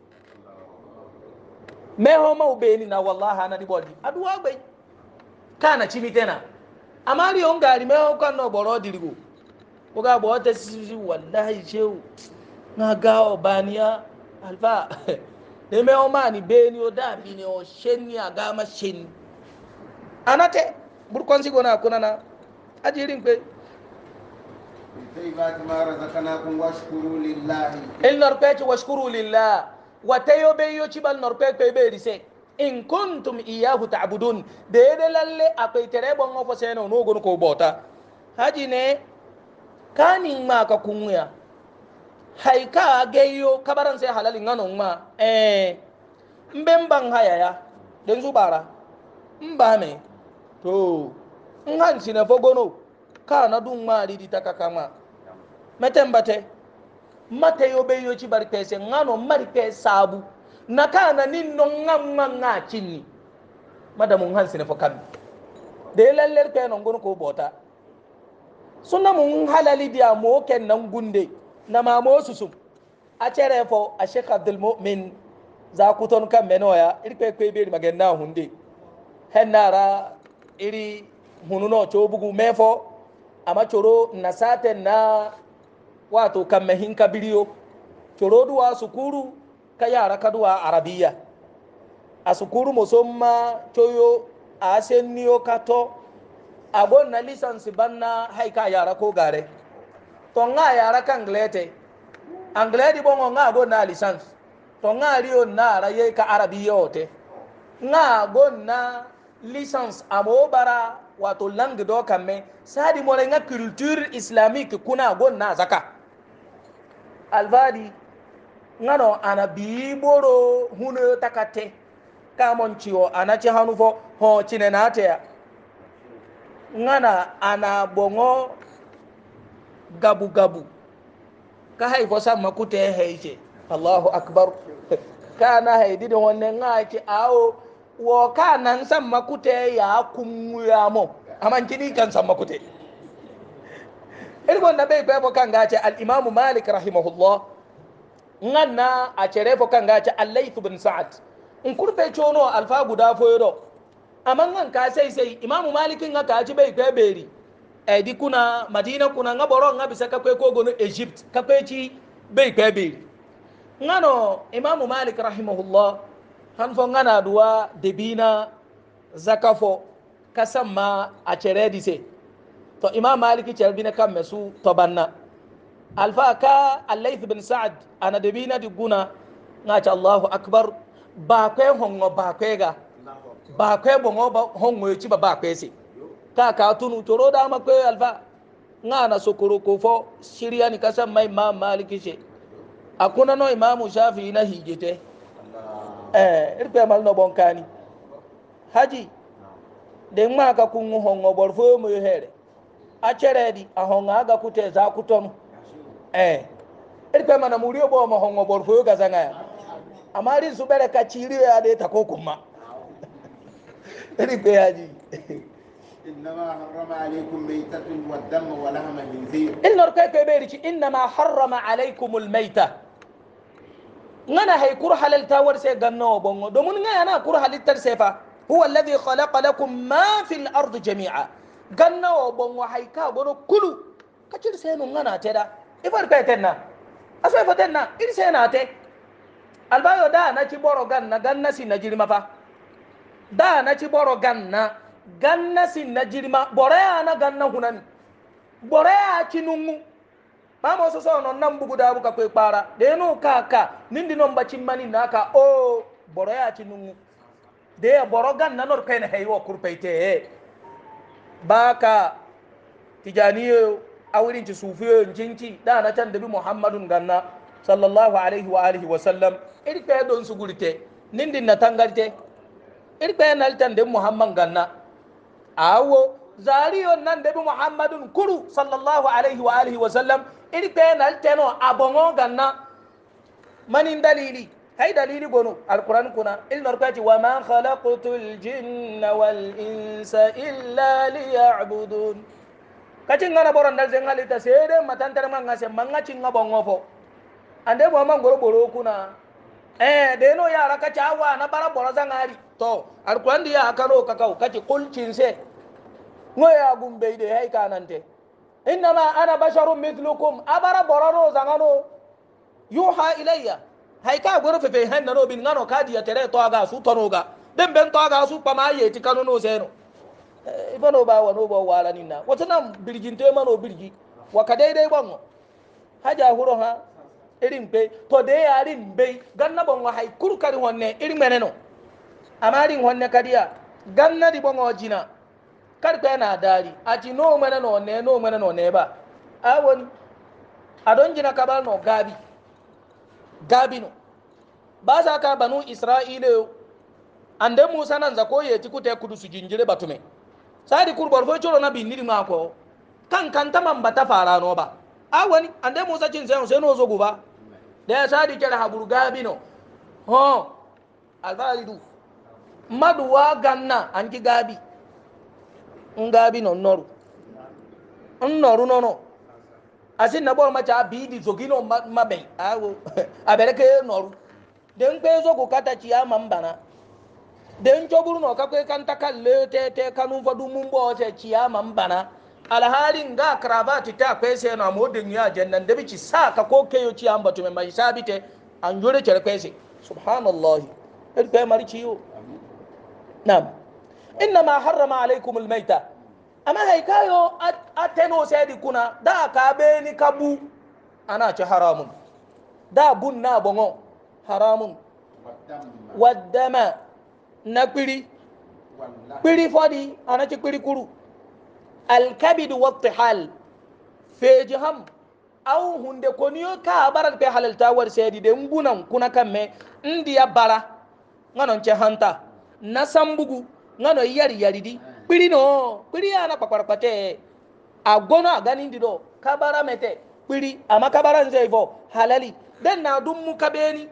me ho ma ubeni na wallahi na di boldi aduwa gbe kana chimite na amari on gari me ho kan no boro dirgo ko ga bo ta sisi wallahi shehu na ga obaniya alfa ne me o ma ni be ni o da bi ni o shen ni aga ma shen anate burkon si gona kuna na ajirin pe طيبات ما رزقناكم واشكروا لله النربيت واشكروا لله وتيو بيو تشبال نربيت بي بي ريسي in kuntum iyahu ta'budun da yadda lalle akwai tare bon ofo sai no nogon ko bota haji ne kanin ma ka kunya haika geyo kabaran sai halalin ganon ma eh mbe ban hayaya don zubara mba me to in hanci na fogono ka na dun ma ridi ta kaka ma meten bate mate yo be yo ci bar pese ngano mari pe sabu na ka na nin no ngam ma nga cinni madamun hanci na fokan de lalle pe non gon ko bota sunna mun halali dia mo ken nan gunde na mamo susum a cere fo a sheikh abdul mu'min za ku ton kan menoya irpe kwe beri magenna hunde hennara iri hununo cobugu mefo ama coro na saten na wato kan mehin kabiriyo coro duwa sukuru ka yara kaduwa arabiya a sukuru musomma coyo a asenniyo kato agon na lisansi banna haika yara ko gare to nga yara kan glete angledi bongo nga go na license to nga riyo na raye ka arabi yote nga go na license amo bara wato langue do kamme sadi mo nga culture islamique kuna go na zaka alvadi ngano ana biboro huno takate kamon ciwo ana ci hanu fo ho cine na ta ngana ana bongo gabu gabu ka hay fo samma kute heyce allahu akbar kana hay didi wonne ngaci awo wo kanan samma kute ya kummuyamo amancini kan samma kute irgon na bai fefo kan gace al'imamu malik rahimahullah ngan na a cere fo kan gace allaitu bin sa'ad in kurfe cono alfa guda foyo do amma ngan ka sai sai imamu malikin ga kaci bai fe beri ɛdi kuna madina kuna nga bɔrɔ nga bisa kakwe kogo no egypt kakwe ci bei kwe bei nga no imamu malik rahimahullah hanfo nga na duwa debina zakafo kasan ma a cere dise to imam malik cere bina kan mesu tobanna alfa ka allaith bin sa'ad ana debina di guna nga ci allahu akbar ba kwe hongo ba ga ba kwe bongo ba hongo ci ba ba se ka ka tunu toro da ma kwe alfa nga na sokoro ko fo shiriya ni kasa mai ma maliki she akuna no imamu shafi na hijete eh irpe mal no bonkani haji de ma ka kungu hongo bor fo mo here a chere di a hongo aga kute za kuton eh irpe mana muriyo bo mo hongo bor fo ga zanga amari subere ka ya de takokuma irpe haji إنما حرم عليكم ميتة والدم ولحم الخنزير إن ركيك إنما حرم عليكم الميتة ngana hay kur halal tawar se ganno bongo domun ngana kur halal tar sefa huwa alladhi khalaqa lakum ma fil ardi jami'a ganno bongo hay ka gono kulu kacir se no ngana teda ifar ka tenna aso ifar tenna ir se na te albayo da na ci boro ganna ganna si na jirma da na ci boro ganna ganna sinna jirima boreyana ganna hunani boreya cinungu mamo soso non nan bugudabu buka koy kpara denu kaka nindi non bacimmani naka o boroya cinungu de boro ganna nor heyo kurpeite, kurpeyte eh. baka tijaniyo awirinci sufiyo cinci dana can debi muhammadun ganna sallallahu alaihi wa alihi wa sallam irkpe don sugurite nindi na tangarte irkpe naltan de muhammad ganna awo zariyo nan debi muhammadun kuru sallallahu alaihi wa alihi wa sallam iri kpe nal teno abongo ganna manin dalili hay dalili gonu alquran kuna il nor kati wa ma khalaqtu jinna wal insa illa liya'budun kati ngana boron dal zengali ta sede matan tar manga se manga cinga bongo fo ande bo man goro boro kuna eh da yano yara ka ci awa na bara bora zan hari to alkuran da ya karo ka kau ka ci kulcin se no ya gumbe da hai kanan te innama ana basharun mithlukum abara bora no zangano yuha ilayya hai ka gurfe fe han no bin ngano kadi ya tere to aga su tono ga den ben to aga su pama ye ti kanu no zeno ibano ba wa no ba wala ninna wata nan birgin te mano birgi wa ka daidai banwo haja huro ha irin pe to de yarin be ganna bon wa hay kuru kari wonne irin meneno amari wonne kadiya ganna di bon ojina kar pe na dari aji no meneno ne no meneno ne ba awon adon jina kabal no gabi gabi no ba za ka banu isra'ila ande musa nan za ko yeti kute kudu su jinjire batume sadi kurbar fo choro na biniri ma ko kan kan tamam bata fara no ba awani ande musa cin sai sai no zo guba da ya sadi kyar habur gabino ho alvalidu maduwa ganna an ki gabi n gabi no nnoru nnoru nono asi na bor macha bidi zogino mabe awo abere ke noru de npe zo ko kata chi ama mbana de njoburu no kakwe kanta kalle te te kanu vodu mumbo te chi ama mbana alhalin ga karabati ta kwese na mu dunya jannan da bici sa ka ko kayo ci an batu mai mai sabite an jure ce kwese subhanallahi ir kai marci yo na'am inna ma harrama alaikum almaita amma hay kayo ateno sai di kuna da ka be ni kabu ana ci haramun da bun na bongo haramun waddama na kpiri kpiri fodi ana ci kpiri kuru alkabidu wattihal feji ham aw hunde koniyo ka baral pe halalta war sedi de ngunan kuna kamme ndiya bara ngano ce hanta na sambugu ngano yari yari di kpiri no kpiri ana kpakparakpate agono agani ndi do kabara mete kpiri ama kabara nze ivo halali den na dum mu kabeni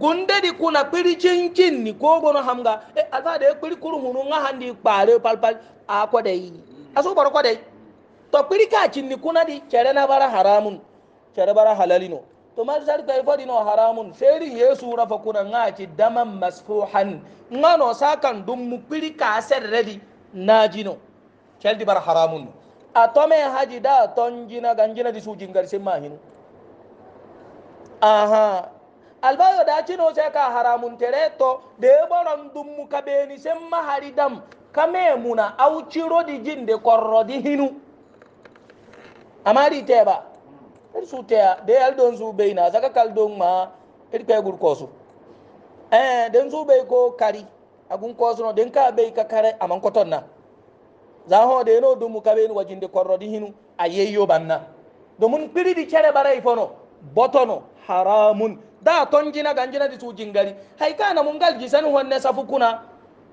gunde di kuna kpiri cincin ni ko hamga e alfa de kpiri kuru hunu nga handi kpare palpal akode yi asu bor ko dai to piri ka cinni kuna di cere na bara haramun cere bara halalino to mar sar tay fodi no haramun seri yesu rafa kuna nga ci daman masfuhan nga no sakan dum mu piri ka serre di najino cel di bara haramun atome haji da tonjina ganjina di sujin garsin mahinu aha albayo da cino sai ka haramun tere to da ya dum mu kabeni sai mahari dam kame muna au ciro di jinde korro di hinu amari teba ir su ya de al don su beina zaka kal don ma ir kay gur kosu eh den su be ko kari agun kosu no den ka be ka kare aman koton na za ho de no dumu ka be no jinde korro di hinu ayeyyo banna domun piri di chere bara ifono botono haramun da ton jina ganjina di su jingari hay kana mun gal gisanu honne kuna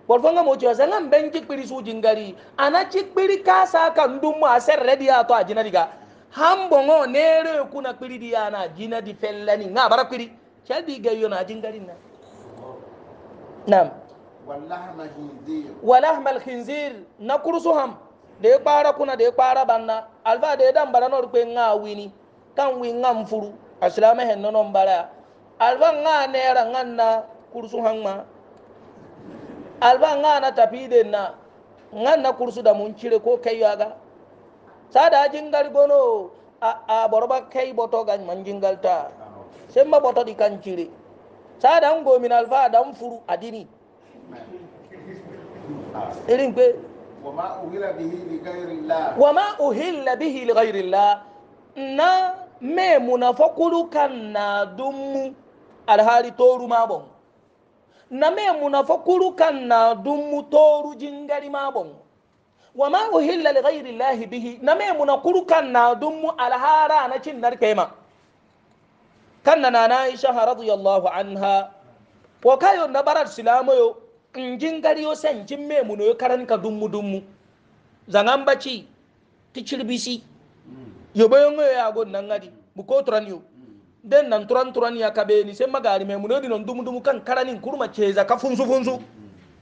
borfonga mocho asala mbenji kpiri suji ngari anachi kpiri kasa ka ndumu aserre di ato ajina diga hambongo nere kuna kpiri di ana jina di fellani nga bara kpiri chalbi gayo na jingari na nam walahma alkhinzir na kursu ham da ya kpara kuna da ya kpara banna alfa da ya bara nor kwe nga wini kan wi nga mfuru aslama hen nonon bara alfa nga nera nga na kursu hamma alba nga na tapide na nga na kursu da mun cire ko kai yaga sada jingal gono a a borba kai boto gan man jingal ta sai ma boto di kan cire sada ngo min alfa da furu adini irin pe wama uhilla bihi li ghairillah wama uhilla bihi li ghairillah na me munafakulu kan na dummu alhali toru ma name munafo kuru kan na dummu toru jingari ma bon wa ma uhilla li ghayri llahi bihi name muna kuru kan na dummu alhara na cin narkema kan na nana aisha radiyallahu anha wa kayo na barar silamo yo jingari yo san jin me muno karan ka dummu dummu zangan baci ti cirbisi hmm. yo yo ya gon nan ngadi bu ko tran yo den nan turan turan ya kabe ni sai magari mai munodi non dumu dumu kan karanin kurma ceza ka funsu funsu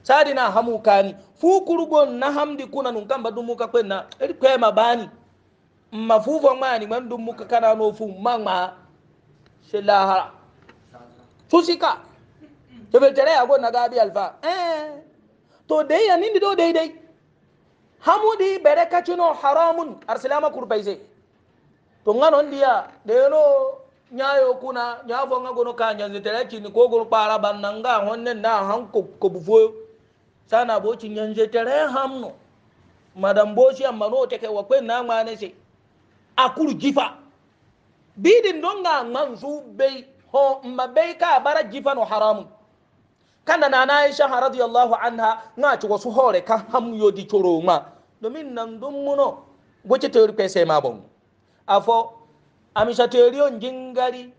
sadi na hamu kani fu kurgon na hamdi kuna nun kan badumu ka kwenna eri kwe mabani mafufo mani man dumu ka kana no fu mama shilahara susika to be tere ago na gabi alfa eh to dai ya nindi do dai dai hamudi bere kacino haramun arsilama kurbaise to ngano ndia deno ñayo kuna ñafonga gono kañanze tela cini ko gono para bannanga honne na han kobu foyo sana bo ci ñanze hamno madam bosi amma no teke wa kwen na ngane se akuru jifa bidin donga manzu bei ho mabai ka bara jifa no haramu kana na na aisha radiyallahu anha na ci wasu hore kan ham yo di choro ma domin nan dun muno goce teori pese ma afo amisateriyo njingari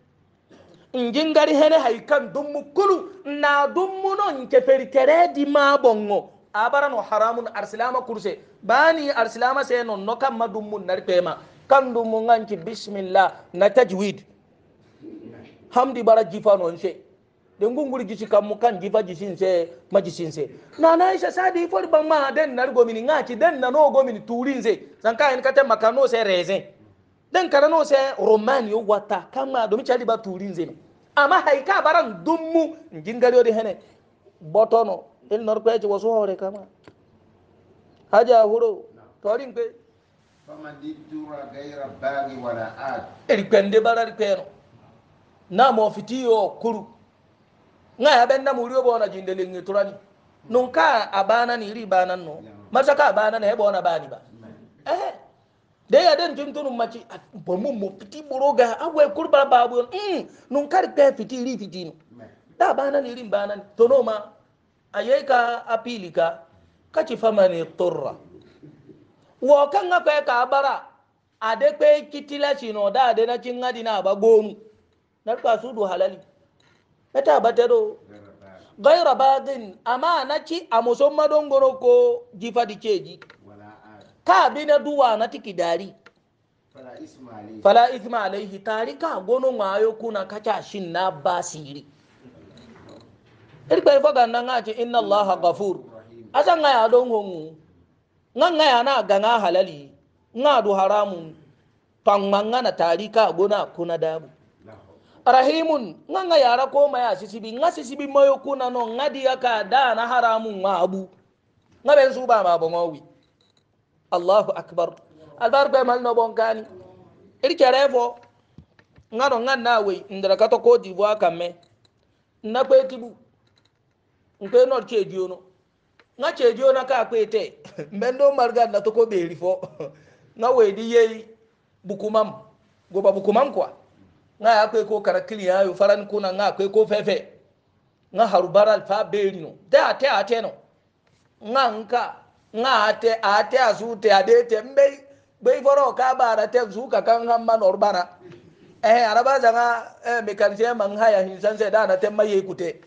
njingari hene haikan kulu na dummuno nkeferitere di mabongo abara no haramun arsilama kurse bani arsilama se non no kan madummun narpema kan dummun anki bismillah na tajwid hamdi bara jifa non sai den gunguri jisi kammu kan jifa jisin se majisin se nana isa sadi for bamma den nar gomini ngaki den nano gomini turin se sanka en makano se rezen dan kana no se roman yo wata kama domi chali ba turin zeno amma haika baran dummu jingariyo de hene botono il nor ko je wasu hore kama haja huro torin pe fama didura gaira bagi wala ad eri pende bara ri peno na mo fitiyo kuru nga ya ben na muriyo bona jindele ngi turani nunka abana ni ri banan no masaka abana na bona bani ba eh de ya den tun tun maci ah, bomu mu fiti buroga agwe ah, kurba babu mm nun kar ta fiti ri fiti da bana ni rin bana to no ma ayai ka apili ka kaci fama ne turra wo kan ka ka bara ade pe kitila shino da ade na cin ngadi na ba gonu na ka su do halali eta batero gaira badin ama na ci a musamman dongoro ko jifa di keji ka bina duwa na tiki dari fala isma alaihi tari ka gono ngayo kuna kacha shin na basiri irkpe foga na ngaci inna allaha ghafur asa ngaya don hongu nga ngaya na ganga halali nga du haramun pangmanga na tari ka gona kuna dabu rahimun nga nga yara ko maya sisibi nga sisibi mayo kuna no ngadi aka da na haramu ma abu nga ben su ba ma bongowi allahu akbar albarbe mal no bon kani irkere fo ngano ngan na we ndara kato ko di bwa kame na pe tibu nke no che jiono nga che jiono ka pe te mbendo marga na to ko be ri fo na we di ye bukumam go ba bukumam kwa nga ya pe ko karakili ya yo faran kuna nga pe ko fefe nga harubara alfa be ri no da ate ate no nga nka nga ate ate asute adete mbei bei foro ka bara te zuka kan hamma norbara eh araba zanga eh mekanse man haya hinsan se dana te maye kute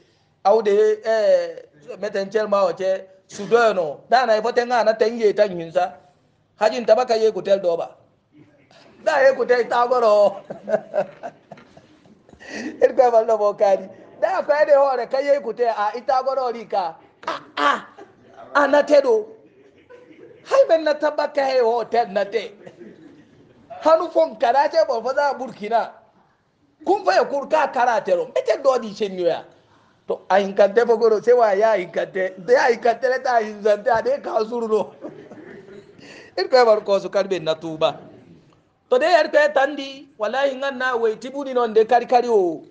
de eh metenchel ma oche sudono dana ifote nga na tenge ta hinsa hajin tabaka ye kutel doba da ye kutel ta goro ir ko ballo bokari da fa de hore kaye kutel a ita goro rika a a anatedo haiben na tabaka ya hotel na te hanufon kara ce ba za a burkina kun fa ya kurka kara tero mete dodi shenyo ya to a hinkante fa goro sai wa ya hinkante da ya hinkante le ta hinzante a dai ka surno in kai bar ko su karbe na tuba to dai yar kai tandi wallahi ngan na wai tibuni non de kari kari o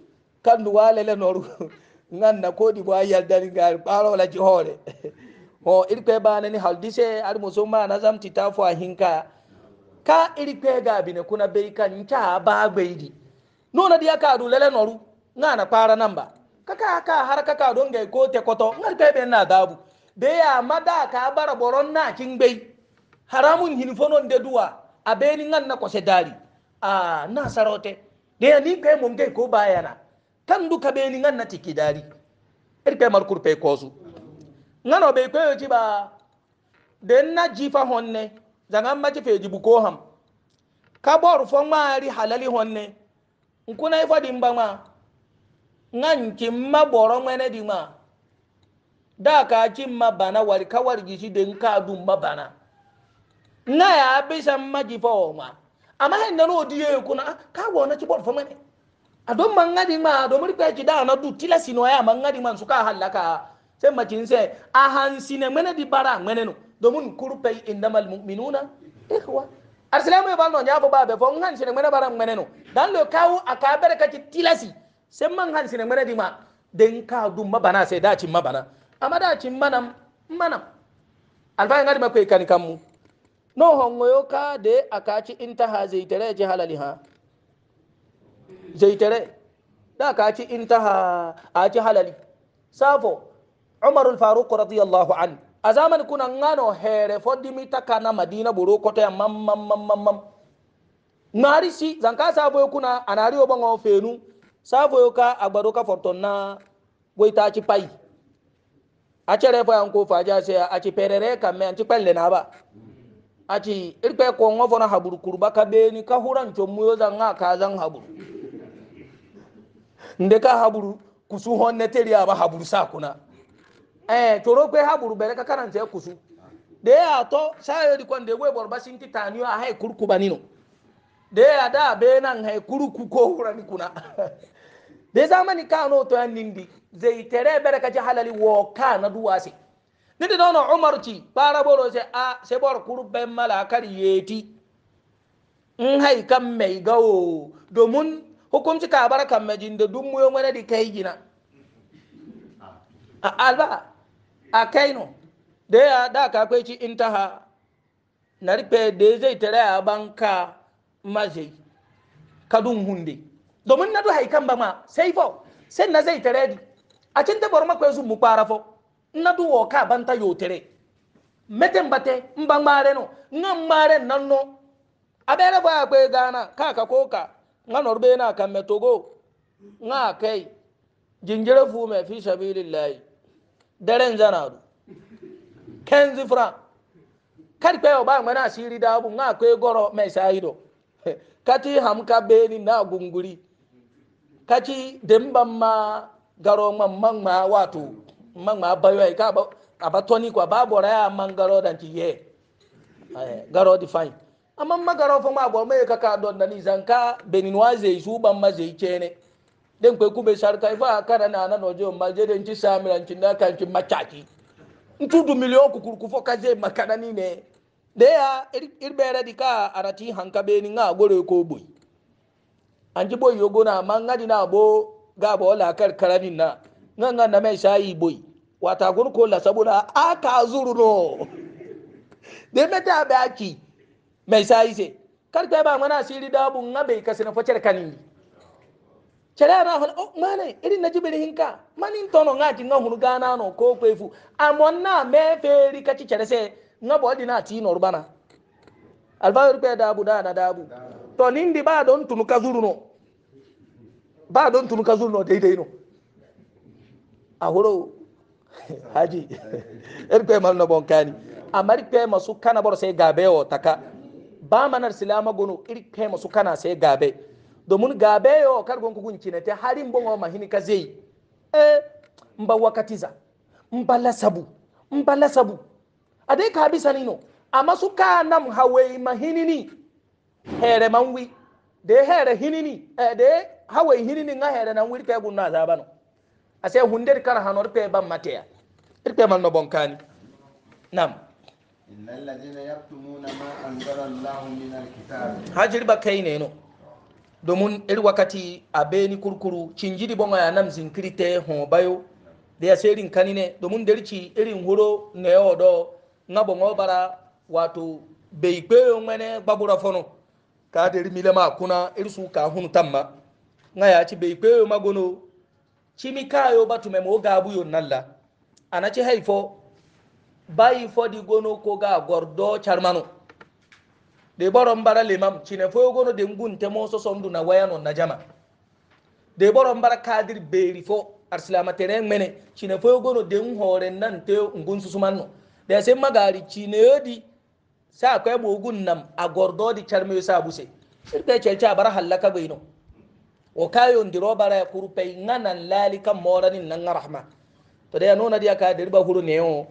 kan duwa lele noru ngan na kodi bo ayal dan gar paro la ji hore ho irkwe ba na ni haldise ar musumma na zam titafu a hinka ka irkwe ga bine kuna bei kan ta ba gbeidi nona dia ka du lele noru nga na para namba kaka ka har kaka don ga ko te koto ngar pe be na dabu be ya mada ka bara boron na kin bei haramun hinfonon de duwa a beni ngan na kose dali, a na sarote de ni kai mun kai ko bayana kan duka beni ngan na tiki dari irkai markur pe kosu ngano be koyo ci ba den na jifa honne zanga ma ci feji bu ko ham ka bor fo mari halali honne nkuna ifo di mba ma ngan ki ma boro mene di ma da ka ci ma bana wari ka wari gishi den ka du ma bana na ya sa ma jifa o ma amma hen da no diye kuna ah, ka na ci bor fo mene adon mangadi ma do muri pe ci da na du tilasi no ya ma man suka halaka sai macin sai a hansi ne mene di bara mene no domin kurpe indamal mu'minuna ihwa arsilamu bal no nyafo babe fo ngan sine mene bara mene no dan lo kawu aka berka ci tilasi sai man han sine mene di ma den ka du mabana sai da cin mabana amma da cin manam manam alfa ngadi makoy kan kammu no hongoyo ka de aka ci intaha zaitare ji halaliha zaitare da aka ci ha, a ci halali safo umarul faruq radiyallahu an a zamani kuna ngano here foddimi takana madina ɓuro kotoya mam mam mam mam mam ŋari si zanka saboyo kuna anari oɓoŋo fenu safoyo ka agbado ka forton na goita ci pai a cere fo yanko faja se a ci perere ka me anci pelle na ba a ci irpe ko ngo fona habur kurba ka beni ka huran to muyo zan nga ka zan habur nde habur kusu honne teri aba habur sa kuna eh toro kwe ha buru bere kakara nte kusu de ato to sayo di kwande we borba sin ti taniyo a hay kurku banino de ada da be nan hay kurku ko hurani kuna de zamani ka no to an nindi zai tere bere ka jahalali wo ka na duwase nidi nono umar ci bara boro se a se bor kurbe malakar yeti in hay kan mai gawo domin hukunci ka bar kan majin da dun muyo mana di kai gina ah. alba a kainu da ya da ka kwai ci intaha na rufe da zai tare a banka mazai kadun hunde domin na duhai kan ba ma sai fo sai na zai tare a cin tabar makwai su mu fo na duwo ka banta yo tare meten bate n ba ŋmaare no ŋa ŋmaare nan no abere fo a kpe gana ka ka ko ka ŋa na kan me togo ŋa kai jinjere fu me fi sabilillahi daren zanaru ken zifra kadi kpeyo ba ngmana asiri dabu nga kwe goro mai sahido kati hamka beni na gunguri kati demban ma garo mamman ma wato man ma bayo ka a ba toni kwa ba bora ya man garo dan ti ye garo di fine amma ma garo fa ma bora mai ka ka don da ni zanka benin waze su ban ma zai kene den kwe kube sarka ifa kana na nan ojo ma je den ci samira ci na kan ci macaki ntudu miliyon ku kurkufo kaje makana ni ne de ya irbere di ka arati hanka be ni nga gore ko boy anji boy yogo na manga ngadi na bo ga bo la kar karani na nga nga na mai shayi boy wata gun ko aka zuru no demete meta ba ki mai shayi se kar ta ba mana siri dabu nga be kasina kanini cerera hola o oh, mane iri na jibiri hinka mani tono nga jinga hunu gana no ko kwefu amonna me feri kaci cerese nga bo dina ti no rubana albayr pe dabu da na dabu to nindi ba don tunu kazuru no ba don tunu kazuru no dai dai no a horo haji er pe mal no bonkani amari pe masu kana bor sai gabe o taka ba manar silama gono iri pe masu kana sai gabe domin gabe yo kar gon kugun cinete hari wa mahini kazei eh mba wakatiza mba lasabu mba lasabu adai ka bisa nino amma su ka nam hawai mahini ni here manwi de here hinini eh de hawai hinini nga here nan wirpe gunna za bano ase hunder kar hanor pe ban mateya irte man no bonkani nam إن الذين يكتمون ما أنزل الله من hajir هاجر بكاين هنا domin ir wakati a beni kurkuru cinjidi bonga ya nam zinkiri te hon bayo da ya serin kanine domin derci irin huro na yau do na bongo bara wato bai kpeyo mene gbabura fono ka deri milema kuna irsu ka hunu tamma nga ya ci bai kpeyo magono cimi kayo batume mo gabu yo nalla anaci haifo bayi di gono ko ga gordo charmano de boro mbara limam cine foyogono de ngunte moso sondu na wayano na jama de boro mbara kadir beri fo arsilama tere mene cine foyogono de nhore nan te ngun susumanno de se magari cine yodi sa kwe bogun nam agordo di charme sa buse sirte chelcha bara halaka gaino o kayo ndiro bara ya kurupe nganan lalika moranin nan rahma to de nona dia ka de ba huru neo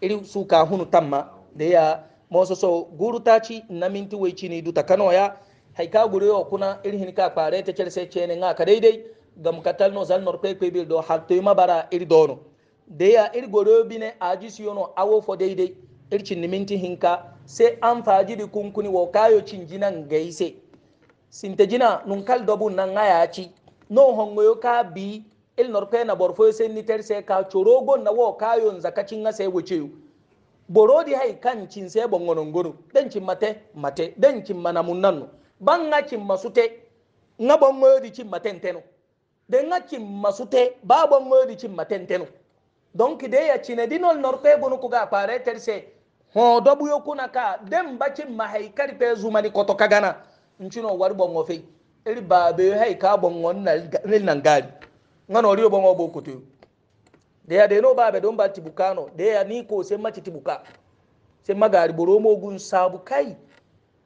iri suka hunu tamma de ya moso so guru tachi na minti wai chini duta kano ya haika guru yo kuna iri hin ka pare ta cerse chene nga ka daidai gam katal no zal nor pe bil do har to mabara iri dono de ya iri goro bine aji siyono awo fo daidai iri chin minti hinka sai an faji di kunkuni wo kayo cinjina ngaise sintejina nun kal dobu na ya chi no hongoyo ka bi il nor na borfo sen ni terse ka chorogo na wo kayo nzakacin nga sai wuceyu borodi hay kan cin sai bon gonon gono dan cin mate mate dan cin mana mun no ban nga cin masute nga bon ngodi cin maten teno de nga cin masute ba bon di cin maten teno donc de ya cine dinol norte bonu ko ga pare terse ho dobu yo kuna ka dem ba cin mahai mani zumani koto kagana ncino war bon ofe iri babe hay ka bon ngon na nan gari ngano riyo bon obo koto da ya daino ba don ba tibukano da ya ni ko sai mace tibuka sai magari boro mogun sabu kai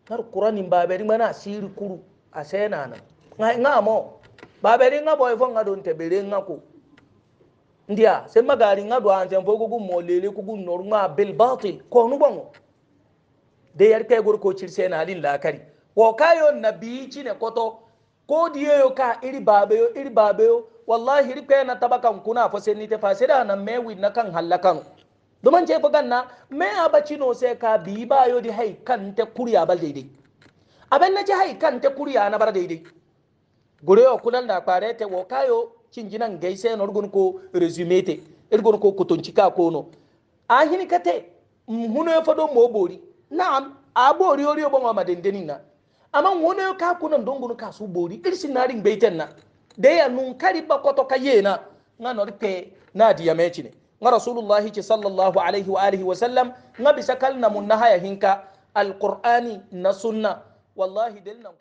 har kuranin babari mana siri kuru a sai na nan nga mo babari nga boy fon adon tebere nga ko ndia sai magari nga do an fogo gun mo lele ku gun nor nga bil batil ko nu bongo da yar kai gor ko cir sai na din lakari wo kayo nabi ci ne koto ko diye yo ka iri babe yo iri babe yo wallahi rikpe na tabakan kuna fo sen nite fa seda na mewi na kan hallakan domin ce fa ganna me abaci no sai ka bi ba yo di hai kan te kuriya bal daidai abin na ci hai kan te kuriya na bar daidai gure yo kulan da kware te wo kayo cinjinan gaise no urgun ko resume te urgun ko kutunci ka ko no ahini kate mhuno yo fado mo bori na'am a bori yori yo bon ma na amma wono yo ka kunan dongun ka su bori irsin narin baiten na da ya nun kari ba kwato ka yena nga nor pe na diya meci ne nga rasulullahi ci sallallahu alaihi wa alihi wa sallam nga bisa kal mun na haya hinka alqur'ani na sunna wallahi dal